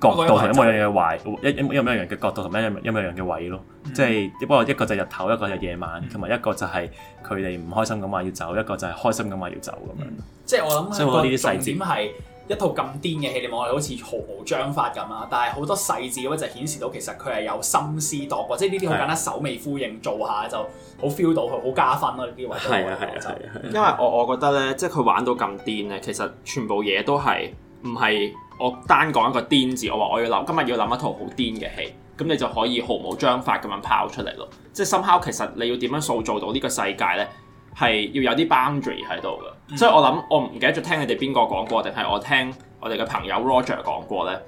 角度同的、就係、一模一樣嘅位，一一模一樣嘅角度同一模一樣嘅位咯。即係不過一個就日頭，一個就夜晚，同埋、嗯、一個就係佢哋唔開心咁話要走，一個就係開心咁話要走咁、嗯、樣。即係我諗，所以我呢啲細節係。一套咁癲嘅戲，你望落好似毫無章法咁啦。但係好多細節嗰啲就顯示到其實佢係有心思度過，即係呢啲好簡單，首尾呼應，做下就好 feel 到佢好加分咯。呢啲位係啊係啊係啊！啊啊啊啊，因為我我覺得咧，即係佢玩到咁癲咧，其實全部嘢都係唔係我單講一個癲字，我話我要諗今日要諗一套好癲嘅戲，咁你就可以毫無章法咁樣拋出嚟咯。即係 somehow，其實你要點樣塑造到呢個世界咧，係要有啲 boundary 喺度嘅。所以我諗我唔記得咗聽你哋邊個講過，定係我聽我哋嘅朋友 Roger 講過咧？誒、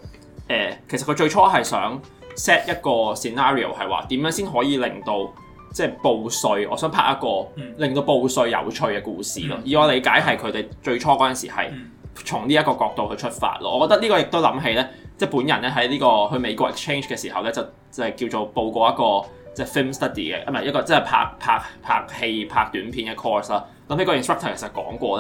呃，其實佢最初係想 set 一個 scenario 係話點樣先可以令到即係報稅，我想拍一個令到報稅有趣嘅故事咯。嗯、以我理解係佢哋最初嗰陣時係從呢一個角度去出發咯。我覺得呢個亦都諗起咧，即係本人咧喺呢個去美國 exchange 嘅時候咧，就就是、係叫做報過一個。即係 film study 嘅，唔係一個即係、就是、拍拍拍戲拍短片嘅 course 啦。咁呢個 instructor 其實講過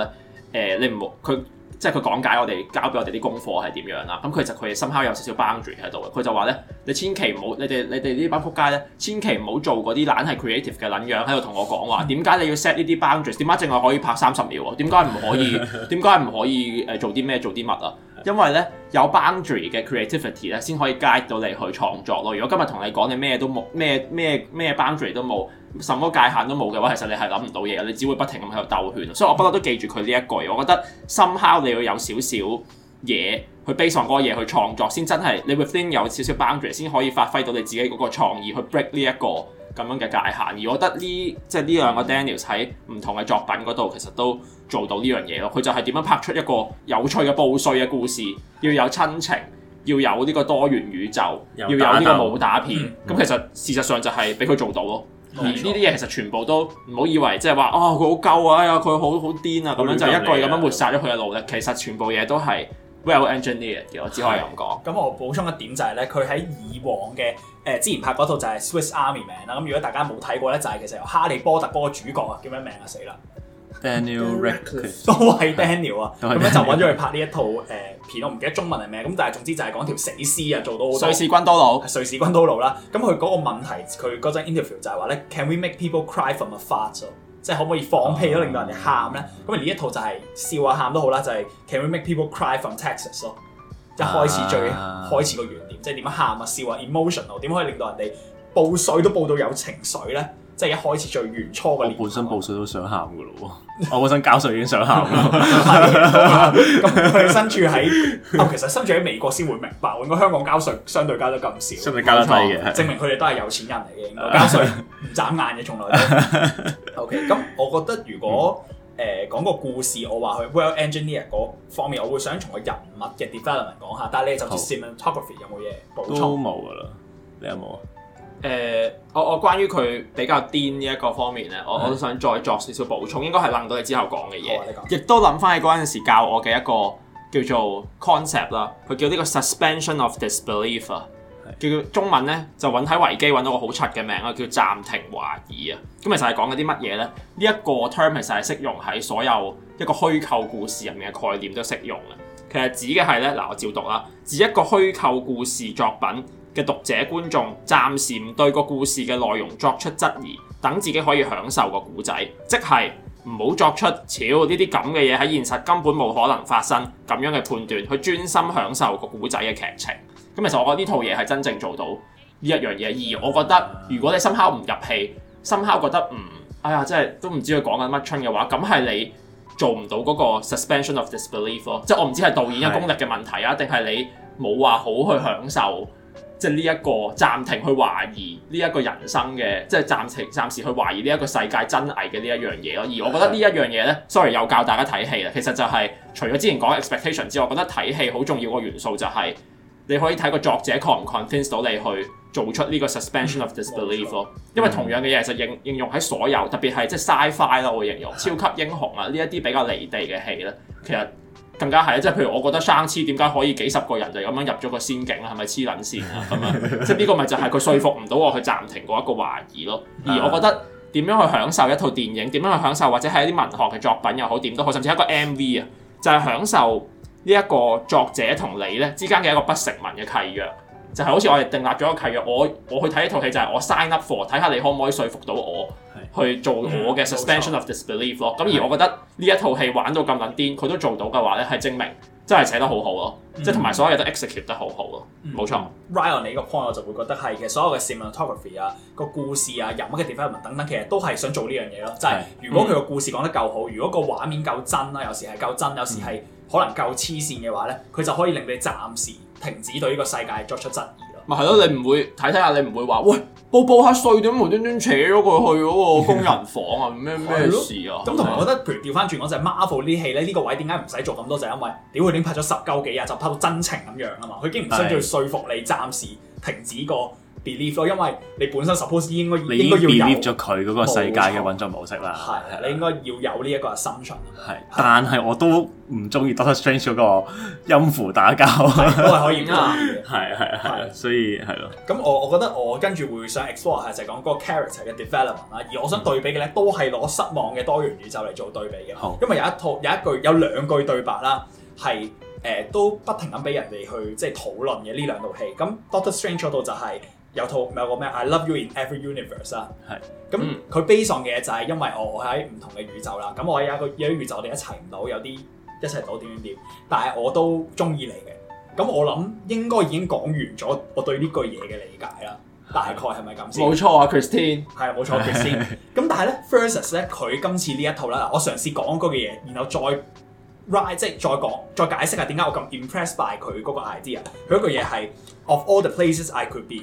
咧，誒你唔好，佢即係佢講解我哋交俾我哋啲功課係點樣啦。咁其實佢心口有少少 boundary 喺度嘅。佢就話咧，你千祈唔好你哋你哋呢班撲街咧，千祈唔好做嗰啲懶係 creative 嘅撚樣喺度同我講話。點解你要 set 呢啲 boundaries？點解淨係可以拍三十秒？點解唔可以？點解唔可以誒做啲咩？做啲乜啊？因為咧有 boundary 嘅 creativity 咧，先可以 guide 到你去創作咯。如果今日同你講你咩都冇，咩咩咩 boundary 都冇，什麼界限都冇嘅話，其實你係諗唔到嘢，你只會不停咁喺度兜圈。所以我不嬲都記住佢呢一句，我覺得深刻你要有少少。嘢去悲上嗰個嘢去創作，先真係你 within 有少少 boundary，先可以發揮到你自己嗰個創意去 break 呢一個咁樣嘅界限。而我覺得呢即係呢兩個 Daniels 喺唔同嘅作品嗰度，其實都做到呢樣嘢咯。佢就係點樣拍出一個有趣嘅報稅嘅故事，要有親情，要有呢個多元宇宙，有要有呢個武打片。咁、嗯嗯、其實事實上就係俾佢做到咯。嗯嗯、而呢啲嘢其實全部都唔好以為即係話哦佢好舊啊，佢、啊、好好癲啊咁樣、啊、就一句咁樣抹殺咗佢嘅努力。其實全部嘢都係。Well engineered 嘅，我只可以咁講。咁我補充一點就係咧，佢喺以往嘅誒之前拍嗰套就係 Swiss Army Man 啦。咁如果大家冇睇過咧，就係其實由哈利波特嗰個主角啊，叫咩名啊死啦，Daniel Radcliffe 都係 Daniel 啊 [LAUGHS] Daniel。咁咧就揾咗佢拍呢一套誒片，我唔記得中文係咩。咁但係總之就係講條死屍啊，做到好多瑞士軍刀佬，瑞士軍刀佬啦。咁佢嗰個問題，佢嗰張 interview 就係話咧，Can we make people cry from a fart？即係可唔可以放屁都令到人哋喊咧？咁而呢一套就係笑啊喊都好啦，就係、是、can we make people cry from Texas 咯？即係開始最開始個原點，uh. 即係點樣喊啊笑啊 emotional，點可以令到人哋報水都報到有情緒咧？即係一開始最原初嘅，你本身報稅都想喊嘅咯喎，我本身交稅 [LAUGHS] 已經想喊啦。咁佢 [LAUGHS] [LAUGHS] [LAUGHS] 身處喺，哦，其實身處喺美國先會明白，應該香港交稅相對交得咁少，相對交得低嘅，錯的證明佢哋都係有錢人嚟嘅，應該交稅唔眨眼嘅，從來都。 [LAUGHS] OK，咁我覺得如果誒、嗯呃、講個故事，我話佢 Well Engineer 嗰方面，我會想從個人物嘅 development 講下，但係、嗯、好你就算 s m a n t o g r a p h y 有冇嘢補充？都冇㗎啦，你有冇啊？誒、呃，我我關於佢比較癲呢一個方面咧，的我我都想再作少少補充，應該係諗到你之後講嘅嘢。亦、啊、都諗翻起嗰陣時教我嘅一個叫做 concept 啦，佢叫呢個 suspension of disbelief 啊的，叫中文咧就揾喺維基揾到個好柒嘅名啊，叫暫停懷疑啊。咁其實係講緊啲乜嘢咧？呢、這、一個 term 其實係適用喺所有一個虛構故事入面嘅概念都適用嘅。其實指嘅係咧，嗱我照讀啦，指一個虛構故事作品。嘅讀者、觀眾暫時唔對個故事嘅內容作出質疑，等自己可以享受個古仔，即係唔好作出，似呢啲咁嘅嘢喺現實根本冇可能發生咁樣嘅判斷，去專心享受個古仔嘅劇情。咁其實我覺得呢套嘢係真正做到一樣嘢。而我覺得如果你深敲唔入戲，深敲覺得唔、呃，哎呀，真係都唔知佢講緊乜春嘅話，咁係你做唔到嗰個 suspension of disbelief 咯，即係我唔知係導演嘅功力嘅問題啊，定係是你冇話好去享受。即係呢一個暫停去懷疑呢一個人生嘅，即係暫停、暫時去懷疑呢一個世界真偽嘅呢一樣嘢咯。而我覺得呢一樣嘢咧，sorry 又教大家睇戲啦。其實就係、是、除咗之前講 expectation 之外，我覺得睇戲好重要個元素就係、是、你可以睇個作者確唔 convince 到你去做出呢個 suspension of disbelief 咯。 [NOISE] 因為同樣嘅嘢，其實應應用喺所有特別係即係 sci-fi 啦，fi, 我形容「超級英雄啊呢一啲比較離地嘅戲咧，其實，更加係啊！即係譬如，我覺得生痴點解可以幾十個人就咁樣入咗個仙境係咪啊？係咪痴撚線啊？咁啊！即係呢個咪就係佢説服唔到我去暫停嗰一個懷疑咯。而我覺得點樣去享受一套電影，點樣去享受或者係一啲文學嘅作品又好，點都好，甚至一個 M V 啊，就係享受呢一個作者同你咧之間嘅一個不成文嘅契約。就係好似我哋定立咗一個契約，我我去睇一套戲就係我 sign up for 睇下你可唔可以說服到我是去做我嘅 suspension of disbelief 咯是。咁而我覺得呢一套戲玩到咁撚癲，佢都做到嘅話咧，係證明真係寫得好好咯。即係同埋所有嘢都 execute 得好好咯，冇、嗯、錯。Right on 你個 point 我就會覺得係嘅，所有嘅 cinematography 啊、個故事啊、人物嘅 development 等等，其實都係想做呢樣嘢咯。就係、是、如果佢個故事講得夠好，如果個畫面夠真啦，有時係夠真，有時係可能夠黐線嘅話咧，佢就可以令你暫時停止對呢個世界作出質疑咯、嗯。咪係咯，你唔會睇睇下，你唔會話喂報報下稅點無端端扯咗佢去嗰個工人房啊？咩咩 [LAUGHS] 事啊？咁同埋我覺得，譬如調翻轉嗰陣、就係、Marvel 呢戲咧，呢、呢個位點解唔使做咁多？就係因為屌佢哋拍咗十鳩幾日，就拍到真情咁樣啊嘛。佢已經唔需要去說服你，暫時停止、這個。的 believe 咯，因為你本身 suppose 應該應該要 believe 咗佢嗰個世界嘅運作模式啦。係係，你應該要有呢一個 assumption。係，但係我都唔中意 Doctor Strange 嗰個音符打交。都係可以啊。係係係，所以係咯。咁我我覺得我跟住會想 explore 下就係講嗰個 character 嘅 development 啦，而我想對比嘅咧都係攞失望嘅多元宇宙嚟做對比嘅，因為有一套有一句有兩句對白啦，係誒都不停咁俾人哋去即係討論嘅呢兩套戲。咁 Doctor Strange 嗰度就係。有套咪有個咩？I love you in every universe 啊的！係咁，佢悲傷嘅就係因為我喺唔同嘅宇宙啦。咁、嗯、我一有一個一宇宙，我哋一齊唔到，有啲一齊唔到點點點。但係我都中意你嘅。咁、嗯、我諗應該已經講完咗我對呢句嘢嘅理解啦。的大概係咪咁先？冇錯啊，Christine。係冇錯，Christine。咁、 [MUSIC] 嗯、但係咧 Frances 咧佢 [MUSIC] 今次呢一套咧，我嘗試講嗰個嘢，然後再 write 即係再講再解釋下點解我咁 impressed by 佢嗰個 idea。 [LAUGHS] 佢句嘢係 Of all the places I could be。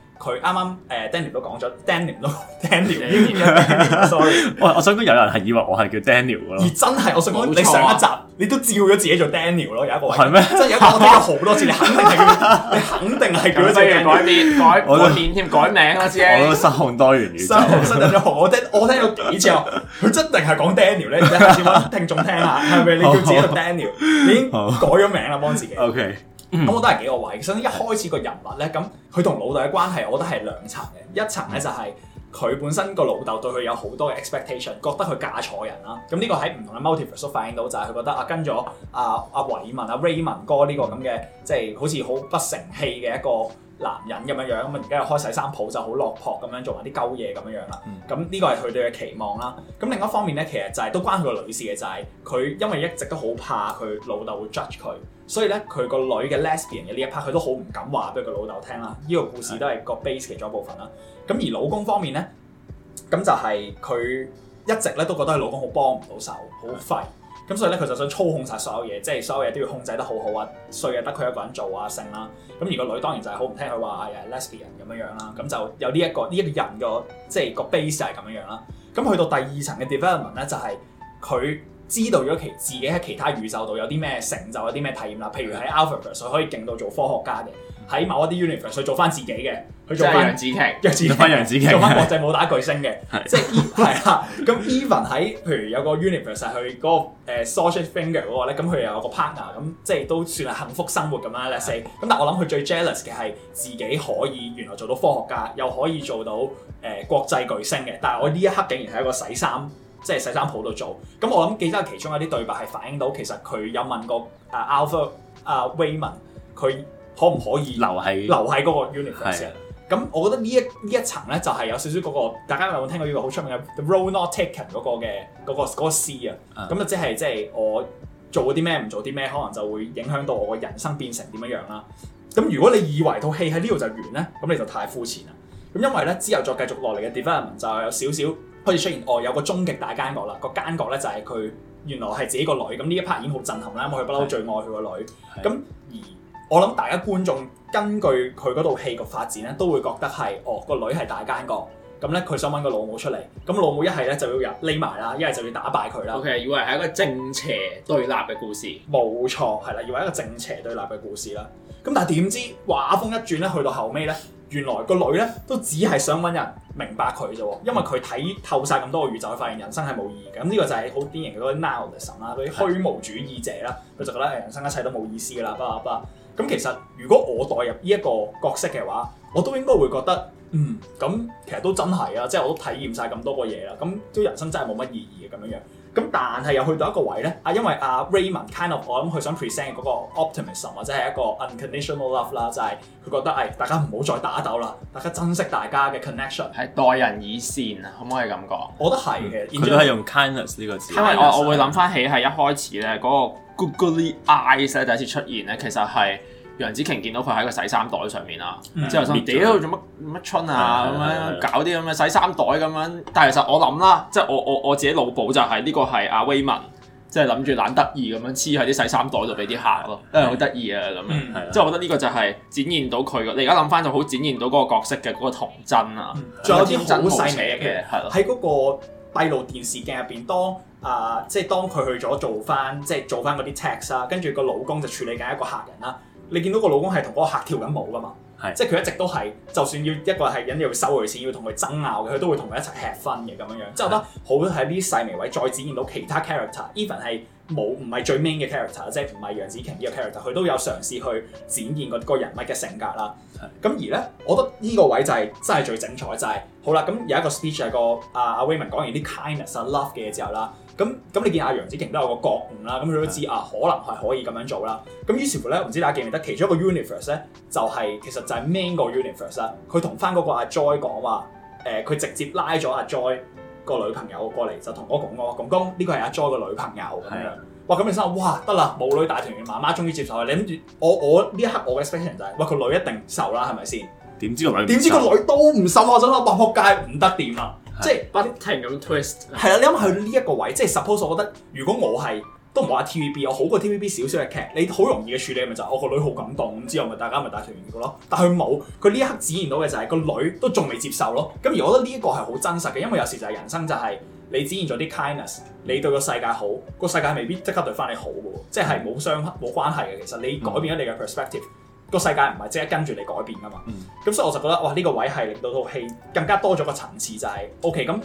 佢啱啱誒 Daniel 都講咗，Daniel 都 Daniel，所以我我想講有人係以為我係叫 Daniel 咯，而真係我想講你上一集你都照咗自己做 Daniel 咯，有一個係咩？即係有一個我聽咗好多次，你肯定係你肯定係叫自己改變改改變添改名啦先，我都失控多元，失控失控咗好多，我聽我聽咗幾次，佢一定係講 Daniel 咧，你下次問聽眾聽下係咪你叫自己做 Daniel？你已經改咗名啦，幫自己。咁我都係幾個位，其實一開始個人物咧，咁佢同老豆嘅關係我覺得係兩層嘅，一層咧就係佢本身個老豆對佢有好多嘅 expectation，覺得佢嫁錯人啦，咁呢個喺唔同嘅 motives 反映到，就係佢覺得啊跟咗啊阿偉文啊 Raymond 哥呢個咁嘅，即係好似好不成器嘅一個。男人咁樣樣咁啊，而家又開洗衫鋪就好落魄咁樣做埋啲鳩嘢咁樣啦。咁呢、嗯、個係佢哋嘅期望啦。咁另一方面咧，其實就係、是、都關佢個女士嘅，就係、是、佢因為一直都好怕佢老豆會 judge 佢，所以咧佢個女嘅 lesbian 嘅呢一 part 佢都好唔敢話俾佢老豆聽啦。呢、這個故事都係個 base 其中一部分啦。咁是的 而老公方面咧，咁就係佢一直咧都覺得佢老公好幫唔到手，好廢。是的 嗯咁所以咧，佢就想操控晒所有嘢，即、就、係、是、所有嘢都要控制得好好啊。衰嘅得佢一個人做啊，成啦。咁而個女當然就係好唔聽佢話，話啊，又係 lesbian 咁樣樣啦。咁就有呢、這、一個呢一、這個人個即係個 base 係咁樣樣啦。咁去到第二層嘅 development 咧，就係佢知道咗其自己喺其他宇宙度有啲咩成就，有啲咩體驗啦。譬如喺 alpha level 可以勁到做科學家嘅。喺某一啲 universe，去做翻自己嘅，去做翻楊紫瓊，做翻完楊紫瓊，做翻國際武打巨星嘅，即 even，係啦。咁 Even 喺譬如有個 universe 係佢嗰個、uh, social finger 嗰、那個咧，咁佢又有個 partner，咁即係都算係幸福生活咁啦。Let's say，咁但係我諗佢最 jealous 嘅係自己可以原來做到科學家，又可以做到誒、uh, 國際巨星嘅，但係我呢一刻竟然係一個洗衫，即、就、係、是、洗衫鋪度做。咁我諗記得其中一啲對白係反映到其實佢有問過啊 Alpha Waymond 佢。Uh, uh, Alpha, uh, uh, 可唔可以留喺留喺嗰個 universe？啊的？咁我覺得呢一呢一層咧，就係、是、有少少嗰個，大家有冇聽過呢個好出名嘅 The Road Not Taken 嗰個嘅嗰、嗰個嗰、嗰個詩啊、嗯？咁啊、就是，即係即係我做咗啲咩唔做啲咩，可能就會影響到我嘅人生變成點樣樣啦。咁如果你以為套戲喺呢度就完咧，咁你就太膚淺啦。咁因為咧，之後再繼續落嚟嘅 development 就有少少開始出現，哦，有個終極大奸角啦。個奸角咧就係佢原來係自己個女。咁呢一 part 已經好震撼啦，因為佢不嬲最愛佢個女，咁的而。我諗大家觀眾根據佢嗰套戲個發展咧，都會覺得係哦、個女係大奸角，咁咧佢想揾個老母出嚟，咁老母一係咧就要入匿埋啦，一係就要打敗佢啦。O、okay, K，以為係一個正邪對立嘅故事，冇錯，係啦，以為一個正邪對立嘅故事啦。咁但係點知畫風一轉咧，去到後尾咧，原來個女咧都只係想揾人明白佢啫喎，因為佢睇透晒咁多個宇宙，發現人生係冇意義嘅。咁呢個就係好典型嗰啲 nihilism 啦，嗰啲虛無主義者啦，佢的就覺得人生一切都冇意思噶啦，不不。咁其實如果我代入呢一個角色嘅話，我都應該會覺得，mm. 嗯，咁其實都真係啊，即係我都體驗晒咁多個嘢啦，咁都人生真係冇乜意義嘅咁樣樣。咁但係又去到一個位咧，啊，因為阿 Raymond kind of 我諗佢想，想 present 嗰個 optimism 或者係一個 unconditional love 啦，就係佢覺得係、哎、大家唔好再打鬥啦，大家珍惜大家嘅 connection。係待人以善啊，可唔可以咁講？我覺得係嘅，佢都係用 kindness 呢個字。因為 Kindness 我我會諗翻起係一開始咧嗰個。Googly eyes 咧第一次出現咧，其實係楊紫瓊見到佢喺個洗衫袋上面啦，之後心，屌，做乜乜春啊咁樣搞啲咁嘅洗衫袋咁樣。但係其實我諗啦，即係我我我自己腦補就係呢個係阿威文，即係諗住懶得意咁樣黐喺啲洗衫袋度俾啲客咯，好得意啊咁樣。即係我覺得呢個就係展現到佢，對對對對你而家諗翻就好展現到嗰個角色嘅嗰個童真啊，仲有啲好細嘅，喺嗰閉路電視鏡入邊，當啊、呃，即係當佢去咗做翻，即係做翻嗰啲 text 啦，跟住個老公就處理緊一個客人啦。你見到個老公係同嗰個客跳緊舞㗎嘛？係，是的 即係佢一直都係，就算要一個係忍住收佢錢，要同佢爭拗嘅，佢都會同佢一齊 have fun 嘅咁樣樣。是的 即係我覺得好喺呢細微位再展現到其他 character，even 係。冇唔係最 main 嘅 character，即係唔係楊紫瓊呢個 character，佢都有嘗試去展現嗰個人物嘅性格啦。咁是的 而咧，我覺得呢個位就係、是、真係最精彩，就係、是、好啦。咁有一個 speech 係個阿阿 Waymond 講完啲 kindness、uh,、love 嘅嘢之後啦，咁咁你見阿、啊、楊紫瓊都有個覺悟啦，咁佢都知是的 啊，可能係可以咁樣做啦。咁於是乎咧，唔知大家記唔記得其中一個 universe 咧，就係、是、其實就係 main 個 universe 啦，佢同翻嗰個阿 Joy 講話，誒佢直接拉咗阿 Joy。個女朋友過嚟就同我講：我公公呢個係阿 Joy 個女朋友咁樣，的哇樣。哇！咁你心諗：哇，得啦，母女大團圓，媽媽終於接受佢。你諗住我我呢一刻我嘅 expectation 就係、是：喂，個女一定受啦，係咪先？點知個女點知個女都唔受，我想係哇，仆街唔得掂啊！的即係不停咁 twist。係啦，你諗去呢一個位，即係 suppose，我覺得如果我係。都唔話 TVB 有好過 TVB 少少嘅劇，你好容易嘅處理咪就係、是、我個女好感動，咁之後咪大家咪大團圓個咯。但佢冇，佢呢一刻展現到嘅就係個女都仲未接受咯。咁而我覺得呢一個係好真實嘅，因為有時就係人生就係你展現咗啲 kindness，你對個世界好，個世界未必即刻對翻你好嘅喎，即係冇相冇關係嘅。其實你改變咗你嘅 perspective，個世界唔係即刻跟住你改變噶嘛。咁、嗯、所以我就覺得哇，呢、這個位係令到套戲更加多咗個層次就係、是、OK 咁。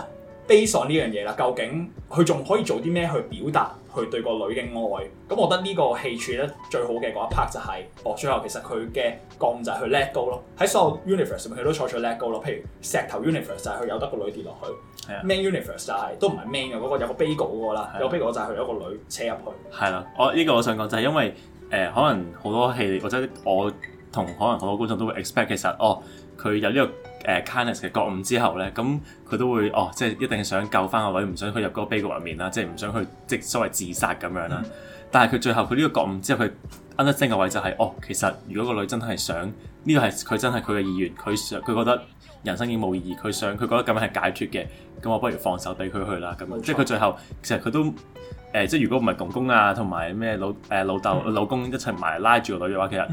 悲喪呢樣嘢啦，thing, 究竟佢仲可以做啲咩去表達佢對個女嘅愛？咁我覺得呢個戲處理最好嘅嗰一 part 就係、是、哦，最後其實佢嘅 goal 就係去 let go 咯。喺所有 universe 上面，佢都坐住 let go 咯。譬如石頭 universe 就係佢有得個女跌落去、啊，main universe 就係、是、都唔係 main 嘅嗰個有個 bagel 嗰個啦，有 bagel 就係佢有個女扯入去。係啦、啊，我呢、這個我想講就係因為誒、呃，可能好多戲或者我同可能好多觀眾都會 expect 其實哦，佢有呢、這個。誒 Kindness 嘅覺悟之後咧，咁佢、嗯、都會哦，即、就、係、是、一定想救翻個女，唔、就是、想佢入嗰個悲劇入面啦，即係唔想佢即所謂自殺咁樣啦。但係佢最後佢呢個覺悟之後，佢 understand 嘅位就係、是、哦，其實如果個女真係想，呢、這個係佢真係佢嘅意願，佢想佢覺得人生已經冇意義，佢想佢覺得咁樣係解脫嘅，咁我不如放手俾佢去啦咁樣。沒錯 即係佢最後其實佢都誒、呃，即係如果唔係公公啊，同埋咩老誒、呃、老豆、嗯、老公一齊埋拉住個女嘅話，其實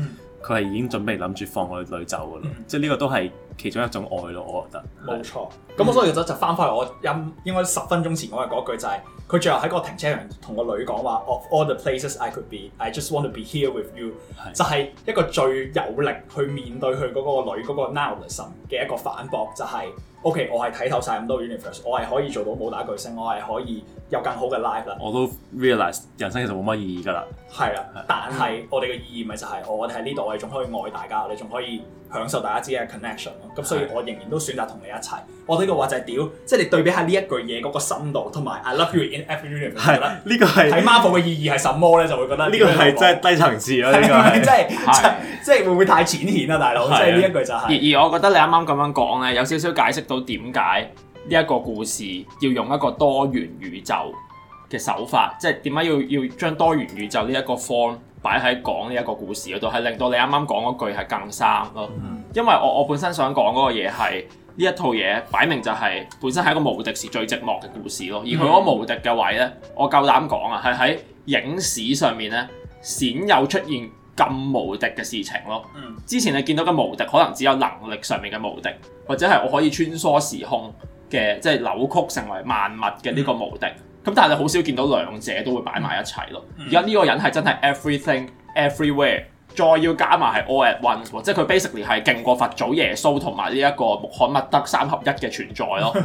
佢係已經準備諗住放個女走嘅啦。嗯、即係呢個都係。其中一種愛咯，我覺得。冇錯，咁我是、嗯、所以就翻返嚟我，我應該十分鐘前我嘅嗰句就係、是，佢最後喺個停車場同個女講話，of all the places I could be, I just want to be here with you，是就係一個最有力去面對佢嗰個女嗰、那個 nowism 嘅一個反駁，就係、是、OK，我係睇透晒咁多 universe，我係可以做到武打巨星，我係可以有更好嘅 life 啦。我都 realize 人生其實冇乜意義㗎啦。係啦，但係我哋嘅意義咪就係，我哋喺呢度，我哋仲可以愛大家，我哋仲可以。享受大家之間嘅 connection 咯，咁所以我仍然都選擇同你一齊。的我呢個話就係、是、屌，即、就、係、是、你對比下呢一句嘢嗰個深度同埋 I love you in every universe。係啦，呢的個係睇 Marvel 嘅意義係什麼咧，就會覺得呢個係真係低層次咯。係咪真係真係會唔會太淺顯啊，大佬？即係呢一句就係、是。而我覺得你啱啱咁樣講咧，有少少解釋到點解呢一個故事要用一個多元宇宙嘅手法，即係點解要要將多元宇宙呢一個 form。擺喺講呢一個故事嗰度，係令到你啱啱講嗰句係更生咯。因為我我本身想講嗰個嘢係呢一套嘢擺明就係、是、本身係一個無敵時最寂寞嘅故事咯。而佢嗰個無敵嘅位呢，我夠膽講啊，係喺影史上面呢，鮮有出現咁無敵嘅事情咯。之前你見到嘅無敵可能只有能力上面嘅無敵，或者係我可以穿梭時空嘅，即、就、係、是、扭曲成為萬物嘅呢個無敵。咁但係你好少見到兩者都會擺埋一齊咯。而家呢個人係真係 Everything Everywhere，再要加埋係 All at Once 即係佢 basically 係勁過佛祖、耶穌同埋呢一個穆罕默德三合一嘅存在咯。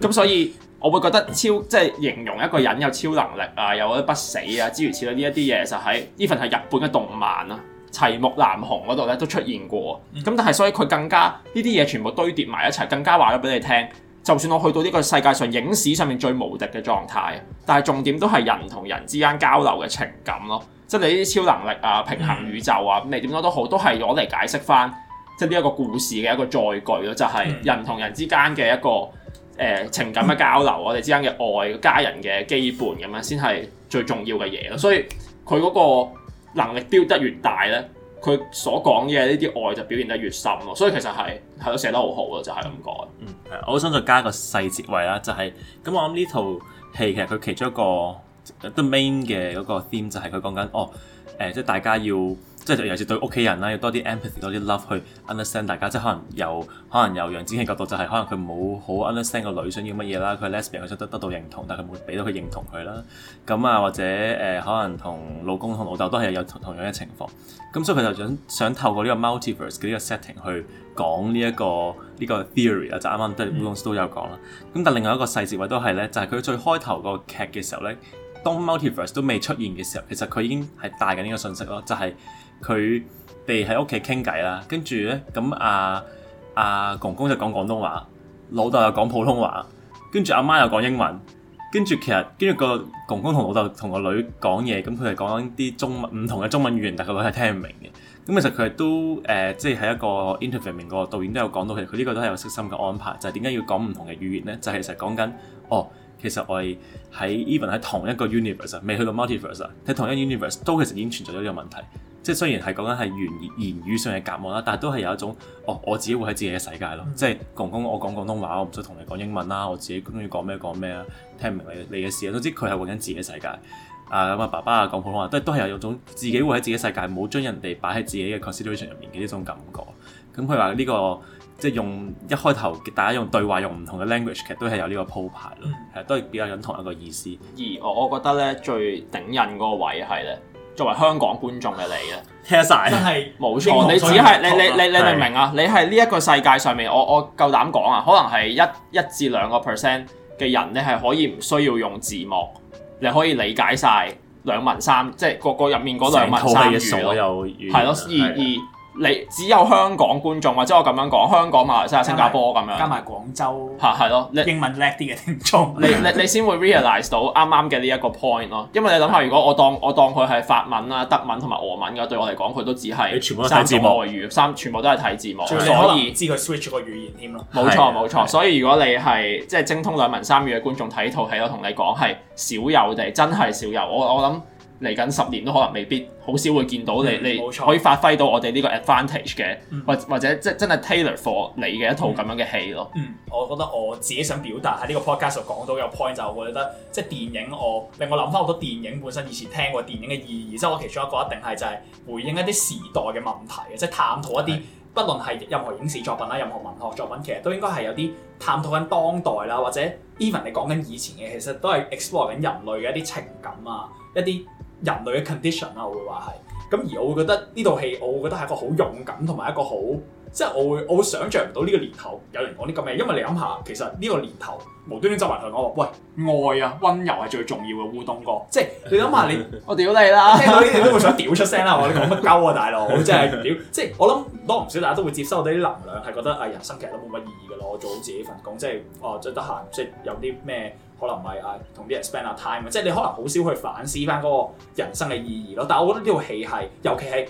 咁 [LAUGHS] [LAUGHS] 所以我會覺得超即係、就是、形容一個人有超能力啊，有不死啊，諸如此類呢一啲嘢，就喺呢份 e 係日本嘅動漫啊、《齊木楠雄》嗰度咧都出現過。咁 [LAUGHS] 但係所以佢更加呢啲嘢全部堆疊埋一齊，更加話咗俾你聽。就算我去到呢個世界上影史上面最無敵嘅狀態，但係重點都係人同人之間交流嘅情感咯。即係你啲超能力啊、平行宇宙啊、你點多都好，都係攞嚟解釋翻即係呢一個故事嘅一個載具咯。就係、是、人同人之間嘅一個誒、呃、情感嘅交流，我哋之間嘅愛、家人嘅羈絆咁樣先係最重要嘅嘢咯。所以佢嗰個能力飆得越大咧。佢所講嘅呢啲愛就表現得越深咯，所以其實係係咯，寫得好好咯，就係咁講。嗯，係，我都想再加個細節位啦，就係、是、咁。我諗呢套戲其實佢其中一個 the main 嘅嗰個 theme 就係佢講緊哦，誒、呃，即係大家要。即係尤其是對屋企人啦，要多啲 empathy，多啲 love 去 understand 大家。即係可能由可能由楊紫瓊角度就係可能佢冇好 understand 個女想要乜嘢啦。佢 Lesbian 佢想得得到認同，但係佢冇俾到佢認同佢啦。咁啊或者誒、呃、可能同老公同老豆都係有同，同樣嘅情況。咁所以佢就想想透過呢個 multiverse 嘅呢個 setting 去講呢、這、一個呢、這個 theory 啦。就啱啱 Udon 都有講啦。咁但係另外一個細節位都係咧，就係、是、佢最開頭個劇嘅時候咧，當 multiverse 都未出現嘅時候，其實佢已經係帶緊呢個信息咯，就係、是。佢哋喺屋企傾偈啦，跟住咧咁，阿阿、啊啊、公公就講廣東話，老豆又講普通話，跟住阿媽又講英文，跟住其實跟住個公公同老豆同個女講嘢，咁佢哋講緊啲中文唔同嘅中文語言，但個女都係聽唔明嘅。咁其實佢哋都誒、呃，即係喺一個 interviewing 個導演都有講到，其實佢呢個都係有悉心嘅安排，就係點解要講唔同嘅語言咧？就係、是、其實講緊哦，其實我係喺 even 喺同一個 universe 未去到 multiverse 喺同一 universe 都其實已經存在咗呢個問題。即係雖然係講緊係言言語上嘅隔膜啦，但係都係有一種，哦，我自己會喺自己嘅世界咯。即係公公，我講廣東話，我唔想同你講英文啦。我自己中意講咩講咩啦，聽唔明你你嘅事啦。總之佢係活緊自己嘅世界。啊，咁啊，爸爸啊講普通話，都係有一有種自己會喺自己世界，冇將人哋擺喺自己嘅 consideration 入面嘅呢種感覺。咁佢話呢個即係用一開頭大家用對話用唔同嘅 language 其實都係有呢個鋪排咯，係、嗯、都係比較隱藏一個意思。而我我覺得咧最頂癮嗰個位係咧。作為香港觀眾嘅你咧，聽得晒 Yes, I, 真係冇錯。你只係你你你你明唔明啊？對 你係呢一個世界上面，我我夠膽講啊，可能係一一至兩個 percent 嘅人你係可以唔需要用字幕，你可以理解晒兩文三，即係個個入面嗰兩文三嘅所有語系咯，二二。你只有香港觀眾，或者我咁樣講，香港、馬來西亞、加上新加坡咁樣，加埋廣州嚇，係咯、啊，英文叻啲嘅聽眾，你 [LAUGHS] 你先會 realize 到啱啱嘅呢一個 point 咯。因為你諗下，如果我當我當佢係法文啦、德文同埋俄文嘅，對我嚟講，佢都只係三種外語，三全部都係睇字幕。所以知佢 switch 個語言添咯。冇錯冇錯，錯，所以如果你係即係精通兩文三語嘅觀眾睇套戲，我同你講係少有地，真係少有。我我諗。嚟緊十年都可能未必好少會見到你，嗯、冇錯你可以發揮到我哋呢個 advantage 嘅，或、嗯、或者即真係 tailor for 你嘅一套咁樣嘅戲咯。嗯，我覺得我自己想表達喺呢個 podcast 講到有 point 就我覺得，即、就是、電影我令我諗翻好多電影本身以前聽過電影嘅意義，即、就是、我其中一個一定係就係回應一啲時代嘅問題，即、就是、探討一啲，嗯、不論係任何影視作品啦，任何文學作品，其實都應該係有啲探討緊當代啦，或者 even 你講緊以前嘅，其實都係 explore 緊人類嘅一啲情感啊，一啲。人類嘅 condition 啦，我會話係，咁而我會覺得呢套戲，我會覺得係一個好勇敢同埋一個好，即係我會我會想象唔到呢個年頭有人講啲咁嘅，因為你諗下，其實呢個年頭無端端周柏豪講話，喂，愛啊溫柔係最重要嘅烏冬哥，即係你諗下你我屌你啦，聽到呢啲都會想屌出聲啦、 [LAUGHS] 啊，我講乜鳩啊大佬，真係屌，即係我諗唔多唔少，大家都會接收我哋啲能量，係覺得啊人生其實都冇乜意義嘅咯，我做好自己份工，即係哦即係得閒，即係有啲咩。可能唔係啊，同啲人 spend 下 time，即係你可能好少去反思翻嗰個人生嘅意義咯。但係我覺得呢套戲係，尤其係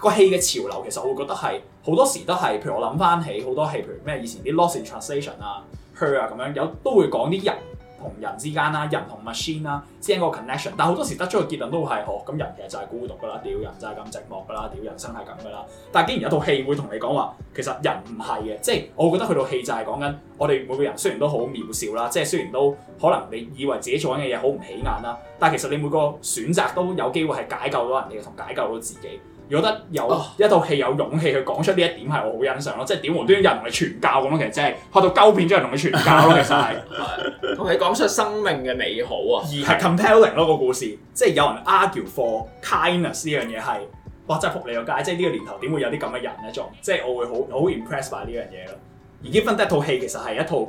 個戲嘅潮流，其實我會覺得係好多時都係，譬如我諗翻起好多戲，譬如咩以前啲 Lost in Translation 啊、Her 啊咁樣有，都會講啲人。同人之間啦，人同 machine 啦，之間個 connection。但好多時得出嘅結論都係，哦，咁人其實就係孤獨㗎啦，屌人就係咁寂寞㗎啦，屌人，人生係咁㗎啦。但係既然有套戲會同你講話，其實人唔係嘅，即係我覺得去到戲就係講緊，我哋每個人雖然都好渺小啦，即係雖然都可能你以為自己做緊嘅嘢好唔起眼啦，但係其實你每個選擇都有機會係解救到人哋同解救到自己。如果得有一套戲有勇氣去講出呢一點係我好欣賞咯，即係點無端端有人同你傳教咁咯，其實即係拍到鳩片之後同你傳教咯， [LAUGHS] 其實係同你講出生命嘅美好啊，而係 compelling 咯、個故事，即係有人 argue for kindness 呢樣嘢係哇真係服你個街，即係呢個年頭點會有啲咁嘅人咧？仲即係我會好好 impressed by 呢樣嘢咯。而結婚得一套戲其實係一套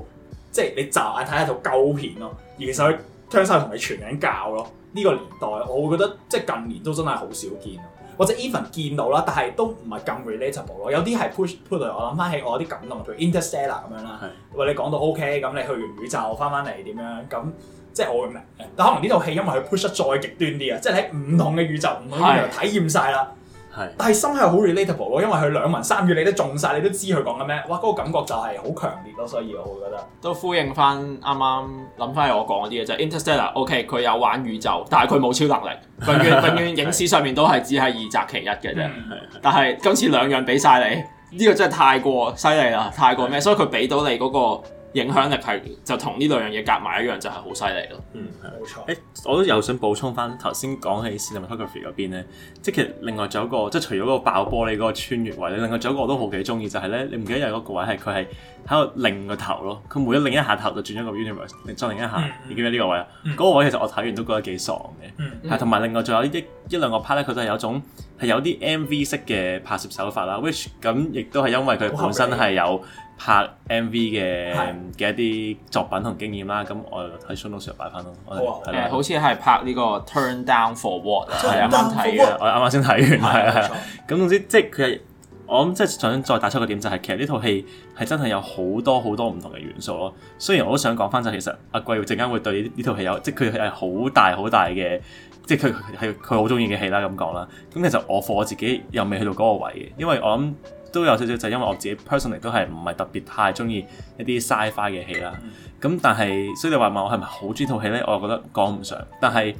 即係你驟眼睇一套鳩片咯，而其實佢聽曬同你全名教咯。呢、這個年代我會覺得即係近年都真係好少見。或者 even 見到啦，但係都唔係咁 relatable 咯。有啲係 push put 我諗翻起我啲感動，譬如 interstellar 咁樣啦。喂，是的 你講到 OK，咁你去完宇宙翻翻嚟點樣？咁即係我會明。但可能呢套戲因為佢 push 得再極端啲啊，即係喺唔同嘅宇宙、唔同嘅體驗晒啦。但係心係好 relatable 咯，因為佢兩文三語你都中晒，你都知佢講緊咩？哇，嗰個感覺就係好強烈咯，所以我會覺得都呼應翻啱啱諗翻嚟我講嗰啲嘢就係 Interstellar。OK，佢有玩宇宙，但係佢冇超能力，永遠永遠影史上面都係只係二擇其一嘅啫。 [LAUGHS] 但係今次兩樣俾晒你，呢個真係太過犀利啦，太過咩？ [LAUGHS] 所以佢俾到你嗰個。影響力係就同呢兩樣嘢夾埋一樣，就係好犀利咯。嗯，係冇錯。誒，我都又想補充翻頭先講起 cinematography 嗰邊咧，即係其實另外仲有一個，即係除咗個爆玻璃嗰個穿越位，另外仲有一個我都好幾中意，就係、是、咧，你唔記得有嗰個位係佢係喺度擰個頭咯。佢每擰一,一下頭就轉咗個 universe，再擰一下。嗯嗯、你記唔記得呢個位啊？嗰、嗯、個位其實我睇完都覺得幾爽嘅。係同埋另外仲有一一,一兩個 part 咧，佢都係有種係有啲 MV 式嘅拍攝手法啦。Which 咁亦都係因為佢本身係有。拍 MV 嘅嘅一啲作品同經驗啦，咁我喺 social 上擺翻咯。誒，好似係拍呢個《Turn Down for What》啊，剛剛我啱啱先睇完，係啊係啊。咁總之，即係佢係我諗，即係想再打出個點就係、是、其實呢套戲係真係有好多好多唔同嘅元素咯。雖然我都想講翻就係其實阿 Gwen 陣間會對呢套戲有，即係佢係好大好大嘅，即係佢係佢好中意嘅戲啦咁講啦。咁其實我 for 我自己又未去到嗰個位嘅，因為我諗。都有少少就是、因為我自己 person 嚟都係唔係特別太中意一啲 sci-fi 嘅戲啦，咁但係所以你話問我係咪好中意套戲呢？我又覺得講唔上。但係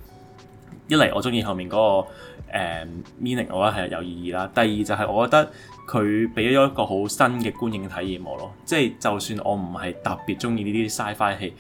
一嚟我中意後面嗰、那個誒、嗯、meaning 我嘅得係有意義啦。第二就係我覺得佢俾咗一個好新嘅觀影體驗我咯。即係就算我唔係特別中意呢啲 sci-fi 戲，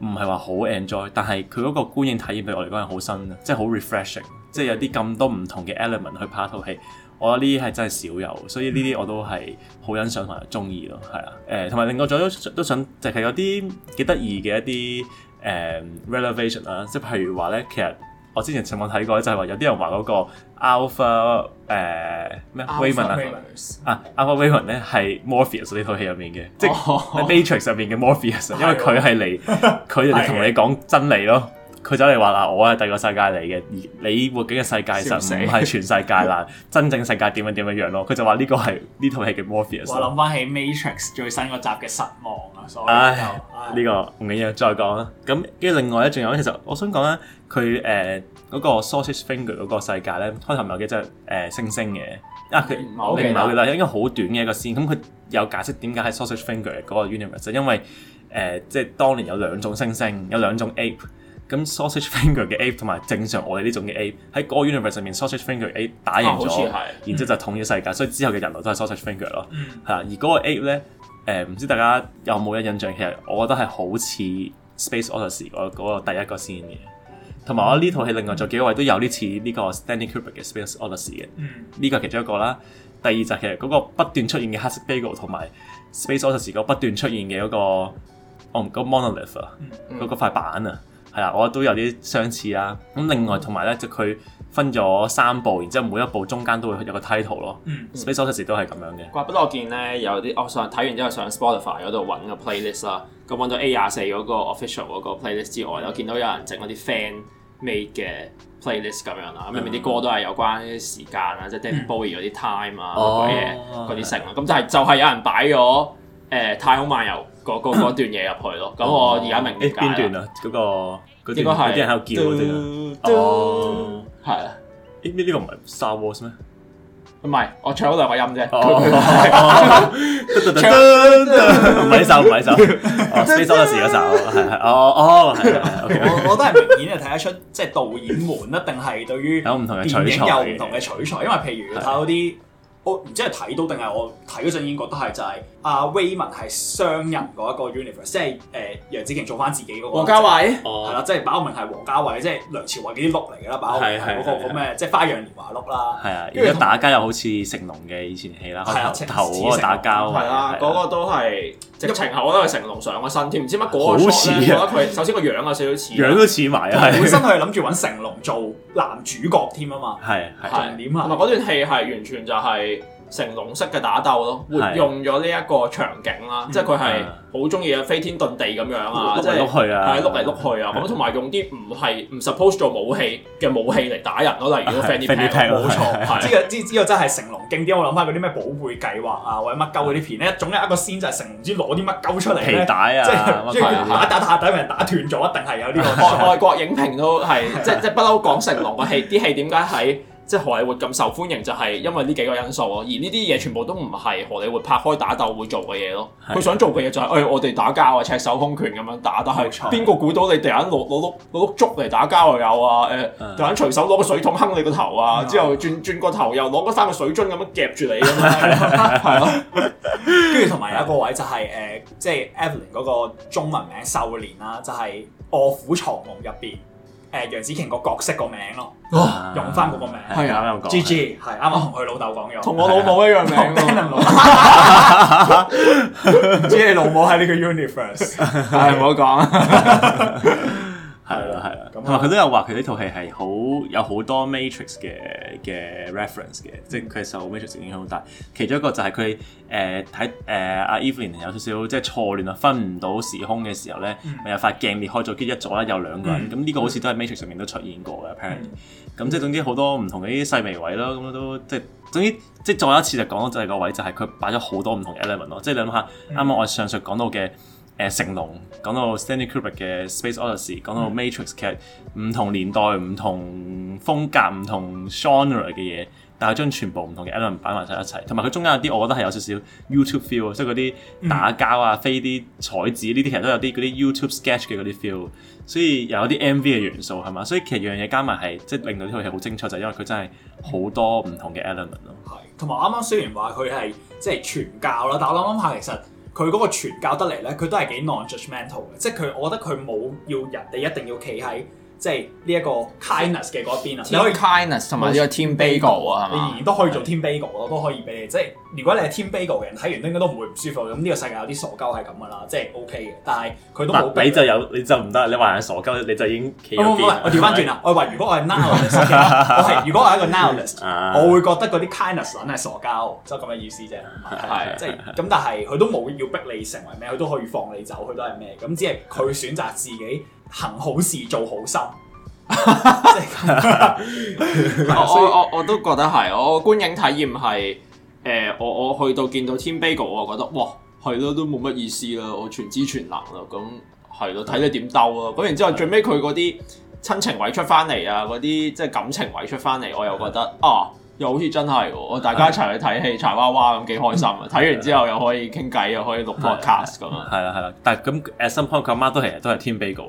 唔係話好 enjoy，但係佢嗰個觀影體驗對我嚟講係好新，即係好 refreshing，即係有啲咁多唔同嘅 element 去拍套戲。我覺得呢啲係真係少有，所以呢啲我都係好欣賞同埋中意咯，係、呃就是嗯、啊，誒同埋另外仲有都想就係有啲幾得意嘅一啲誒 revelation 啦，即係譬如話咧，其實我之前曾我睇過，就係、是、話有啲人話嗰個 Alpha、呃、Alpha 誒咩 Raymond 啊，Ray man 啊 Alpha Raymond 咧係 Morpheus 呢套、嗯、戲入面嘅，即係、oh, oh. Matrix 入面嘅 Morpheus， [LAUGHS] 因為佢係嚟佢就同你講真理咯。佢走嚟話啦，我係第二個世界嚟嘅，而你活緊嘅世界就唔係全世界啦， [LAUGHS] 真正世界點樣點樣樣咯。佢就話呢個係呢套戲嘅 Morpheus。我諗返起 Matrix 最新嗰集嘅失望啊！唉，呢個唔緊要，再講啦。咁跟住另外咧，仲有其實我想講咧，佢誒嗰個 sausage finger 嗰個世界咧，開頭有係幾隻、呃、猩猩嘅，啊、因為佢唔係嘅啦，應該好短嘅一個線。咁佢有解釋點解喺 sausage finger 嗰個 universe，因為誒、呃、即係當年有兩種猩猩，有兩種 ape。咁 sausage finger 嘅 ape 同埋正常我哋呢種嘅 ape 喺嗰個 universe 上面 sausage finger ape 打贏咗，然之後就統一世界，嗯、所以之後嘅人類都係 sausage finger 咯。嚇、嗯，而嗰個 ape 咧，誒、呃、唔知大家有冇嘅印象？其實我覺得係好似 space odyssey 嗰嗰個第一個先嘅，同埋我呢套戲另外仲幾個位都有呢次呢個 Stanley Kubrick 嘅 space odyssey、嗯、嘅，呢個其中一個啦。第二集其實嗰個不斷出現嘅黑色 bagel 同埋 space odyssey 不斷出現嘅嗰、那個我唔講 monolith 啊，嗰嗰塊板啊。係啊，我都有啲相似啦、啊。咁另外同埋咧，就佢分咗三步，然之後每一步中間都會有個 title 咯。所以 Space、嗯嗯、Odyssey 都係咁樣嘅。怪不得我見咧有啲，我上睇完之後上 Spotify 嗰度揾個 playlist 啦。咁揾到 A24 嗰個 official 嗰個 playlist 之外，我見到有人整嗰啲 fan made 嘅 playlist 咁樣啦。咁入面啲歌都係有關時間啊，即係 David Bowie 嗰啲 time 啊嗰啲嘢嗰啲成咯。咁但係就係有人擺咗誒太空漫遊。嗰段嘢入去咯，咁我而家明啲梗。邊段啊？嗰個嗰段嗰啲人喺度叫嗰段。哦，係啊。呢呢個唔係 Star Wars 咩？唔係，我唱嗰兩個音啫。哦哦哦。唔係首唔係首。啊，Space Odyssey 嗰時嗰首係哦哦，係我我都係明顯係睇得出，即係導演們一定係對於有唔同嘅取材，有唔同嘅取材，因為譬如睇嗰啲。我唔知係睇到定係我睇嗰陣已經覺得係就係阿威文係商人嗰一個 universe，即係誒楊紫瓊做翻自己嗰個。王家衞。哦。係啦，即係馬國明係王家衞，即係梁朝偉嗰啲碌嚟㗎啦，馬國明嗰個嗰咩即係《花樣年華》碌啦。係啊，跟住打交又好似成龍嘅以前戲啦，磕頭嗰個打交。係啦，嗰個都係。入情後我都係成龍上咗身添，唔知乜嗰個 shot 咧，覺得佢首先個樣啊，有少少似，樣都似埋啊。本身佢係諗住搵成龍做男主角添啊嘛，係係點啊，同埋嗰段戲係完全就係係。成龍式嘅打鬥咯，活用咗呢一個場景啦，即係佢係好中意嘅飛天遁地咁樣啊，即係碌去啊，係，碌嚟碌去啊，咁同埋用啲唔係唔 supposed 做武器嘅武器嚟打人咯，例如嗰啲飛碟片，冇錯，係呢個真係成龍經典。我諗翻嗰啲咩寶貝計劃啊，或者乜鳩嗰啲片咧，總有一個先就係成唔知攞啲乜鳩出嚟，啊，即係打打打底俾人打斷咗，一定係有呢個。外外國影評都係即即不嬲講成龍嘅戲，啲戲點解喺？即係荷里活咁受歡迎，就係因為呢幾個因素咯。而呢啲嘢全部都唔係荷里活拍開打鬥會做嘅嘢咯。佢的想做嘅嘢就係、是，誒的、欸，我哋打交啊，赤手空拳咁樣打，但係邊個估到你突然攞攞碌攞碌竹嚟打交又有啊？誒、欸，的突然隨手攞個水桶哼你個頭啊！之後轉的轉個頭又攞嗰三個水樽咁樣夾住你咁樣，係、啊、咯。跟住同埋有一個位就係、是、誒，即係 Evelyn 嗰個中文名秀蓮啦，就係、是《卧虎藏龍》入邊。誒、呃、楊紫瓊個角色個名咯。啊、用翻嗰個名、啊、啱啱講，G G 係啱啱同佢老豆講咗，同我老母一樣名，即係、啊、 [LAUGHS] 老母喺呢個 universe，係唔好講。 [LAUGHS] 係啦，係啦，同埋佢都有話佢呢套戲係好有好多 Matrix 嘅嘅 reference 嘅，即係佢受 Matrix 影響好大。其中一個就係佢誒睇誒阿 Evelyn 有少少即係錯亂啊，分唔到時空嘅時候咧，嗯、咪有塊鏡裂開咗，結一咗啦，有兩個人。咁呢、嗯、個好似都係 Matrix 上面都出現過嘅，Apparently、嗯。咁即係總之好多唔同嘅細微位咯，咁都即係總之,總之即係再一次就講到就係個位就係佢擺咗好多唔同 element 咯。即係你諗下，啱啱、嗯、我上述講到嘅。誒、呃、成龍講到 Stanley Kubrick 嘅《Space Odyssey》，講到，Odyssey，講到 Matrix、嗯《Matrix》其實，唔同年代、唔同風格、唔同 genre 嘅嘢，但係將全部唔同嘅 element 擺埋晒一齊，同埋佢中間有啲我覺得係有少少 YouTube feel，即係嗰啲打交啊、嗯、飛啲彩紙呢啲，其實都有啲啲 YouTube sketch 嘅嗰啲 feel，所以又有啲 MV 嘅元素係嘛，所以其實樣嘢加埋係即係令到呢套戲好精彩，就係、是、因為佢真係好多唔同嘅 element 咯。係、嗯，同埋啱啱雖然話佢係即係傳教啦，但係我諗諗下其實。佢嗰個傳教得嚟呢，佢都係幾 nonjudgmental 嘅，即係佢，我覺得佢冇要人哋一定要企喺。即係呢一個 kindness 嘅嗰邊啊，Team 你可以 kindness 同埋呢個 team bagel 啊，係嘛？你都可以做 team bagel，吧我都可以俾你。即係如果你係 team bagel 嘅人，睇完都應該都唔會唔舒服。咁呢個世界有啲傻鳩係咁噶啦，即係 OK 嘅。但係佢都冇。嗱，你就有你就唔得，你話人傻鳩，你就已經企。唔唔，我調翻轉啦，我話吧如果我係 nihilist 我係如果我係一個 nihilist 我會覺得嗰啲 kindness 係傻鳩，就咁、是、嘅意思啫。係即係咁，但係佢都冇要逼你成為咩，佢都可以放你走，佢都係咩？咁只係佢選擇自己。行好事做好心，所以我我，我，我都覺得係我觀影體驗係誒我我去到見到 Team Bagel。我覺得哇係咯，都冇乜意思啦，我全知全能啦，咁係咯，睇你點兜啊，咁然之後最尾佢嗰啲親情位出翻嚟啊，嗰啲即係感情位出翻嚟，我又覺得啊，又好似真係喎，大家一齊去睇戲柴娃娃咁幾開心啊！睇完之後又可以傾偈又可以錄 podcast 咁樣係啦係啦，但係咁 at some point 阿媽其實都係 Team Bagel。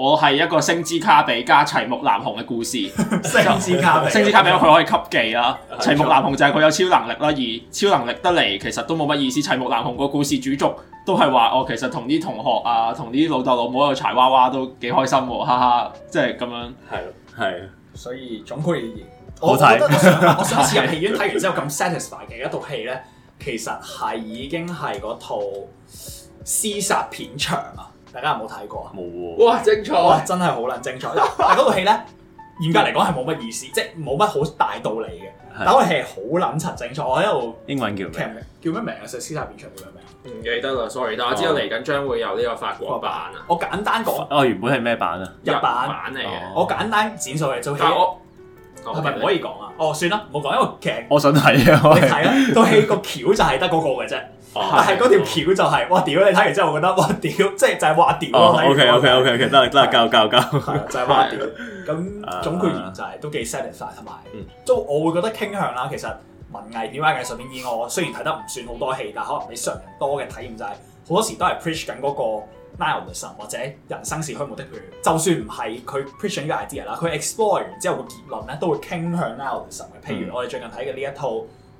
我係一個星之卡比加齊木楠雄嘅故事。 [LAUGHS] 星之卡比， [LAUGHS] 星之卡比佢 [LAUGHS] 可以吸技啦， [LAUGHS] 齊木楠雄就係佢有超能力啦。而超能力得嚟其實都冇乜意思。 [LAUGHS] 齊木楠雄個故事主軸都係話，我其實同啲同學啊，同啲老豆老母喺度柴娃娃都幾開心喎、啊，哈哈！即係咁樣。係咯，係。所以總括而言，好睇看。我覺得我上次入戲院睇完之後咁 satisfy 嘅一套戲咧，其實係已經係嗰套屍殺片場啊！大家有冇睇過啊？冇喎！哇，精彩！真係好撚精彩！但係嗰套戲咧，嚴格嚟講係冇乜意思， [LAUGHS] 即係冇乜好大道理嘅。是的 但係嗰套戲係好撚陳，精彩！我喺度英文叫咩名？叫咩名啊？名名《食屍鯊》片場叫咩名啊？唔記得啦，sorry。但我知道嚟緊將會有呢個法國版啊、哦！我簡單講，哦，原本係咩版啊？日版嚟嘅。哦、我簡單剪數嘅做戲，係咪、okay, 可以講啊？哦，算啦，唔好講，因為劇，我想睇啊，你睇啊，套戲個橋就係得嗰個嘅啫。但係嗰條橋就係，哇屌！你睇完之後，我覺得哇屌，即係就係哇屌。OK OK OK，得啦得啦，交交交。就係哇屌！咁總結完就係都幾 satisfy 同埋都我會覺得傾向啦。其實文藝點解嘅藝術面以外，我雖然睇得唔算好多戲，但可能你常人多嘅體驗就係好多時都係 preach 緊嗰個 nihilism 或者人生是虛無的血。就算唔係佢 preach 緊個 idea 啦，佢 explore 完之後個結論咧都會傾向 nihilism 嘅。譬如我哋最近睇嘅呢一套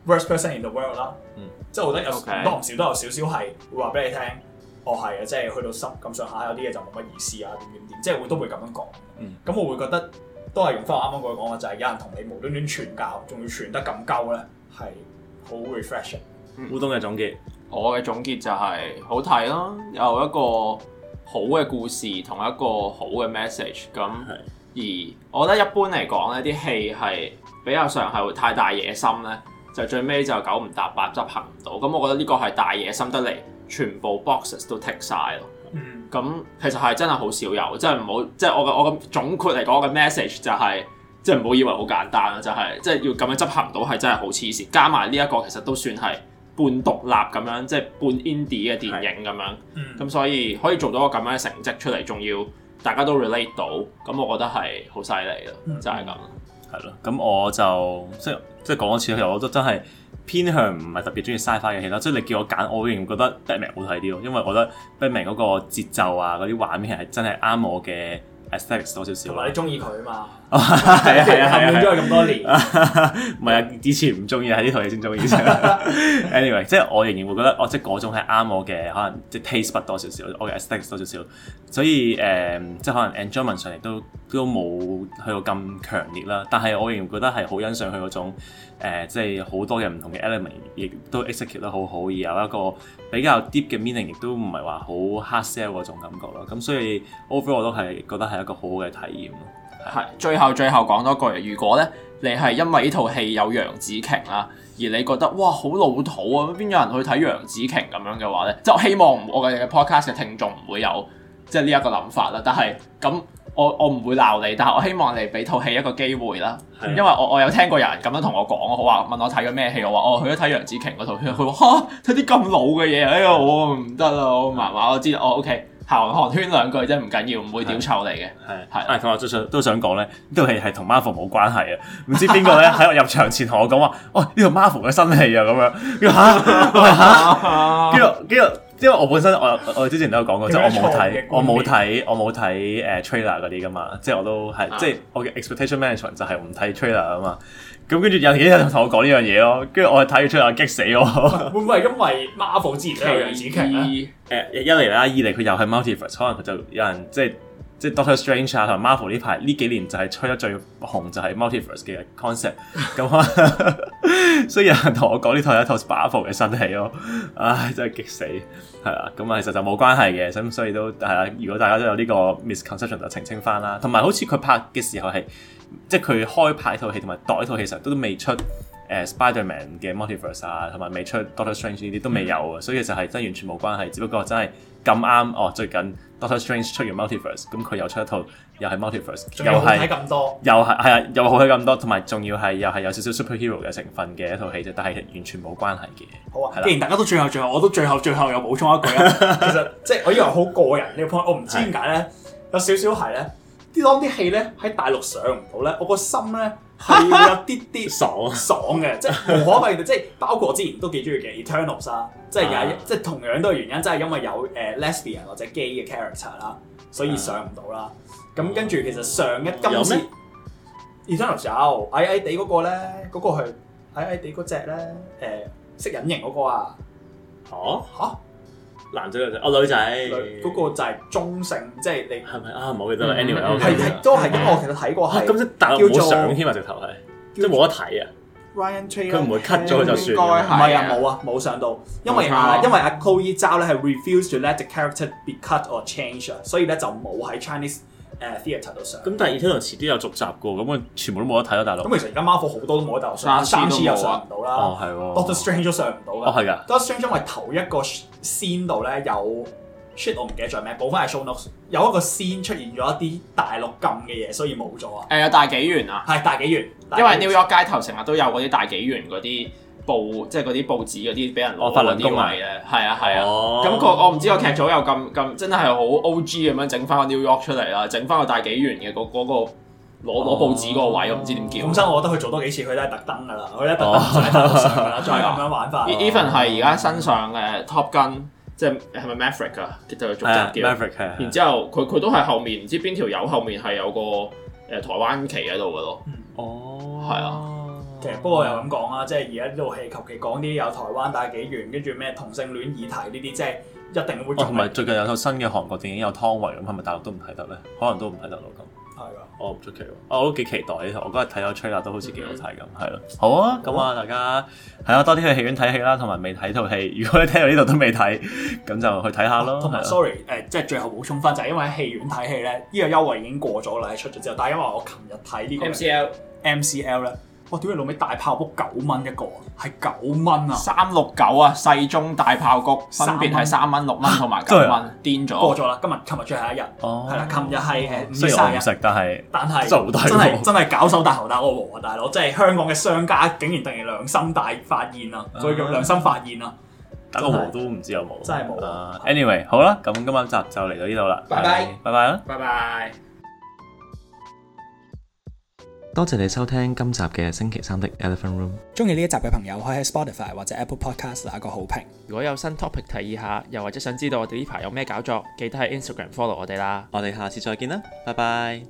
worst person in the world 啦。即係我覺得有多唔少都有少少係會話俾你聽，哦係啊、就是，即係去到深咁上下有啲嘢就冇乜意思啊點點點，即係會都會咁樣講。咁、嗯、我會覺得都係用翻我啱啱講嘅就係、是、有人同你無端端傳教，仲要傳得咁鳩咧，係好 refreshing。烏、嗯、冬嘅總結，我嘅總結就係、是、好睇咯、啊，有一個好嘅故事同一個好嘅 message。咁的而我覺得一般嚟講咧，啲戲係比較上係會太大野心咧。最尾就九唔搭八執行唔到，咁我覺得呢個係大野心得嚟，全部 boxes 都 take 晒。咯、嗯。咁其實係真係好少有，即係唔好，即係我嘅我嘅總括嚟講嘅 message 就係、是，即係唔好以為好簡單啊，就係、是、即係要咁樣執行唔到係真係好黐線。加埋呢一個其實都算係半獨立咁樣，即係半 indie 嘅電影咁樣。咁、嗯、所以可以做到個咁樣嘅成績出嚟，仲要大家都 relate 到，咁我覺得係好犀利咯，嗯、就係咁。係咯，咁我就即即講多次，其實我都真係偏向唔係特別中意 Sci-Fi 嘅戲啦。即你叫我揀，我仍然覺得《Batman》好睇啲咯，因為我覺得《Batman》嗰個節奏啊，嗰啲畫面係真係啱我嘅 Aesthetics 多少少咯。你中意佢啊嘛？係啊係啊係啊！中咗咁多年 [LAUGHS] 是，唔係啊，之前唔中意，喺呢套嘢先中意。Anyway，即係我仍然會覺得，哦，即係嗰種係啱我嘅，可能即係 taste 不多少少，我嘅 aesthetic 多少少。所以誒、呃，即係可能 enjoyment 上嚟都都冇去到咁強烈啦。但係我仍然覺得係好欣賞佢嗰種、呃、即係好多嘅唔同嘅 element，亦都 execute 得好好，而有一個比較 deep 嘅 meaning，亦都唔係話好 hard sell 嗰種感覺咯。咁所以 overall 我都係覺得係一個好好嘅體驗。係，是最後最後講多句，如果咧你係因為呢套戲有楊紫瓊啦，而你覺得哇好老土啊，邊有人去睇楊紫瓊咁樣嘅話咧，就希望我嘅 podcast 嘅聽眾唔會有即係呢一個諗法啦。但係咁我我唔會鬧你，但係我希望你俾套戲一個機會啦。的因為我我有聽過有人咁樣同我講，好話問我睇咗咩戲，我話我、哦、去咗睇楊紫瓊嗰套，佢話吓，睇啲咁老嘅嘢哎啊，我唔得啊，我麻麻，我知哦，OK。行行圈兩句啫，唔緊要，唔會屌臭你嘅。係係，咁我都想都想講咧，呢套戲係同 Marvel 冇關係嘅。唔知邊個咧喺我入場前同我講話，喂呢套、 [LAUGHS] 哦、Marvel 嘅新戲啊咁樣。嚇嚇，呢個因為我本身我我之前都有講過，就我冇睇，我冇睇，我冇睇誒、呃、trailer 嗰啲噶嘛，即係我都係，即係、啊、我嘅 expectation management 就係唔睇 trailer 啊嘛。咁跟住有幾日人同我講呢樣嘢咯，跟住我睇佢出嚟激死我！會唔會係因為 Marvel 之前嘅楊紫瓊一嚟啦，二嚟佢又係 Multiverse，可能佢就有人即係即係 Doctor Strange 啊同 Marvel 呢排呢幾年就係吹得最紅就係 Multiverse 嘅 concept。咁 [LAUGHS] [LAUGHS] 所以有人同我講呢套係一套 Marvel 嘅新戲咯，唉真係激死係啦！咁啊其實就冇關係嘅，咁所以都係啦。如果大家都有呢個 misconception 就澄清翻啦。同埋好似佢拍嘅時候係。即係佢開拍套戲同埋度套戲，其實都 iverse, 都未出誒，Spiderman 嘅 Multiverse 啊、嗯，同埋未出 Doctor Strange 呢啲都未有啊，所以就係真係完全冇關係，只不過真係咁啱哦，最近 Doctor Strange 出完 Multiverse 咁佢又出一套又係 Multiverse 又係睇咁多，又係係啊，又好睇咁多，同埋仲要係又係有少少 superhero 嘅成分嘅一套戲啫，但係完全冇關係嘅。好啊，吧既然大家都最後最後，我都最後最後又補充一句，啊。 [LAUGHS] 其實即係我以為好個人你個 p 我唔知點解咧，有少少係咧。啲當啲戲咧喺大陸上唔到咧，我個心咧係要有啲啲爽 [LAUGHS] 爽嘅，即係無可避免即係包括我之前都幾鍾意嘅《Eternals》啦、啊，即係也即係同樣都係原因，即係因為有誒、呃、Lesbian 或者 gay 嘅 character 啦，所以上唔到啦。咁、啊、跟住其實上一集有 Eternals 嗎》e、有矮矮哋嗰個咧，嗰、那個佢矮矮哋嗰隻咧，誒、哎、識、呃、隱形嗰個啊！哦好、啊。啊男仔女仔，哦，女仔，嗰個就係中性，即係你係咪啊？唔好記得啦 anyway 係係都係咁。我其實睇過係，叫做唔上添啊！直頭係，即係冇得睇啊！Ryan，佢唔會 cut 咗佢，就算，唔係啊，冇啊，冇上到，因為因為阿 Chloe Zhao 咧係 refuse to let the character be cut or change 啊，所以咧就冇喺 Chinese。誒 theatre 度上，咁但係 theatre 遲啲有續集嘅喎，咁啊全部都冇得睇咯、啊、大陸。咁其實而家 Marvel 好多都冇得大陸 C、哦啊、上，三次又上唔到啦。哦係喎，Doctor Strange 都上唔到啦。哦係㗎，Doctor Strange 因係頭一個先度咧有 shit，我唔記得咗咩，部分係 show notes 有一個先出現咗一啲大陸禁嘅嘢，所以冇咗啊。誒、呃、大紀元啊？係大紀元？紀元因為 New York 街頭成日都有嗰啲大紀元嗰啲。報即係嗰啲報紙嗰啲俾人攞翻啲嚟嘅，係啊係啊，咁個我唔知個劇組又咁咁真係好 O.G. 咁樣整翻個 New York 出嚟啦，整翻、嗰個大紀元嘅嗰個攞攞報紙嗰個位，我唔知點叫。本身、哦、我覺得佢做多幾次佢都係特登噶啦，佢都特登就係特登成噶咁樣玩法。Even 係而家身上嘅 Top Gun，即係係咪 Maverick 啊？就係做隻腳。Maverick、啊啊、然之後佢佢都係後面唔知邊條友後面係有個誒台灣旗喺度噶咯。哦。係啊。其實不過又咁講啦，即係而家呢套戲求其講啲有台灣大紀元，跟住咩同性戀議題呢啲，即係一定會。哦，同埋最近有套新嘅韓國電影有湯唯，咁係咪大陸都唔睇得咧？可能都唔睇得咯，咁係㗎，我唔出奇喎。我都幾期待呢套，我嗰日睇咗吹喇，都好似幾好睇咁，係咯、嗯。的好啊，咁啊的，大家係啊，多啲去戲院睇戲啦，同埋未睇套戲。如果你聽到呢度都未睇，咁就去睇下咯。同埋、哦、的 sorry，誒、呃，即係最後補充翻，就係、是、因為喺戲院睇戲咧，呢、這個優惠已經過咗啦，出咗之後。但係因為我琴日睇呢個 MCL，MCL 咧。MC L. MC L, 哇！屌你老味大爆谷九蚊一個，係九蚊啊！三六九啊，細中大爆谷分別係三蚊、六蚊同埋九蚊，跌咗過咗啦！今日、琴日最後一日，係啦，琴日係誒尾三日。食，但係但係真係真係搞手大頭打個和啊，大佬！即係香港嘅商家竟然突然良心大發現啊，所以叫良心發現啊，打個和都唔知有冇真係冇啊。Anyway，好啦，咁今晚集就嚟到呢度啦，拜拜，拜拜啦，拜拜。多謝你收聽今集嘅星期三的 Elephant Room。中意呢一集嘅朋友，可以喺 Spotify 或者 Apple Podcast 打一個好評。如果有新 topic 提議下，又或者想知道我哋呢排有咩搞作，記得喺 Instagram follow 我哋啦。 [MUSIC] 我哋下次再見啦，拜拜。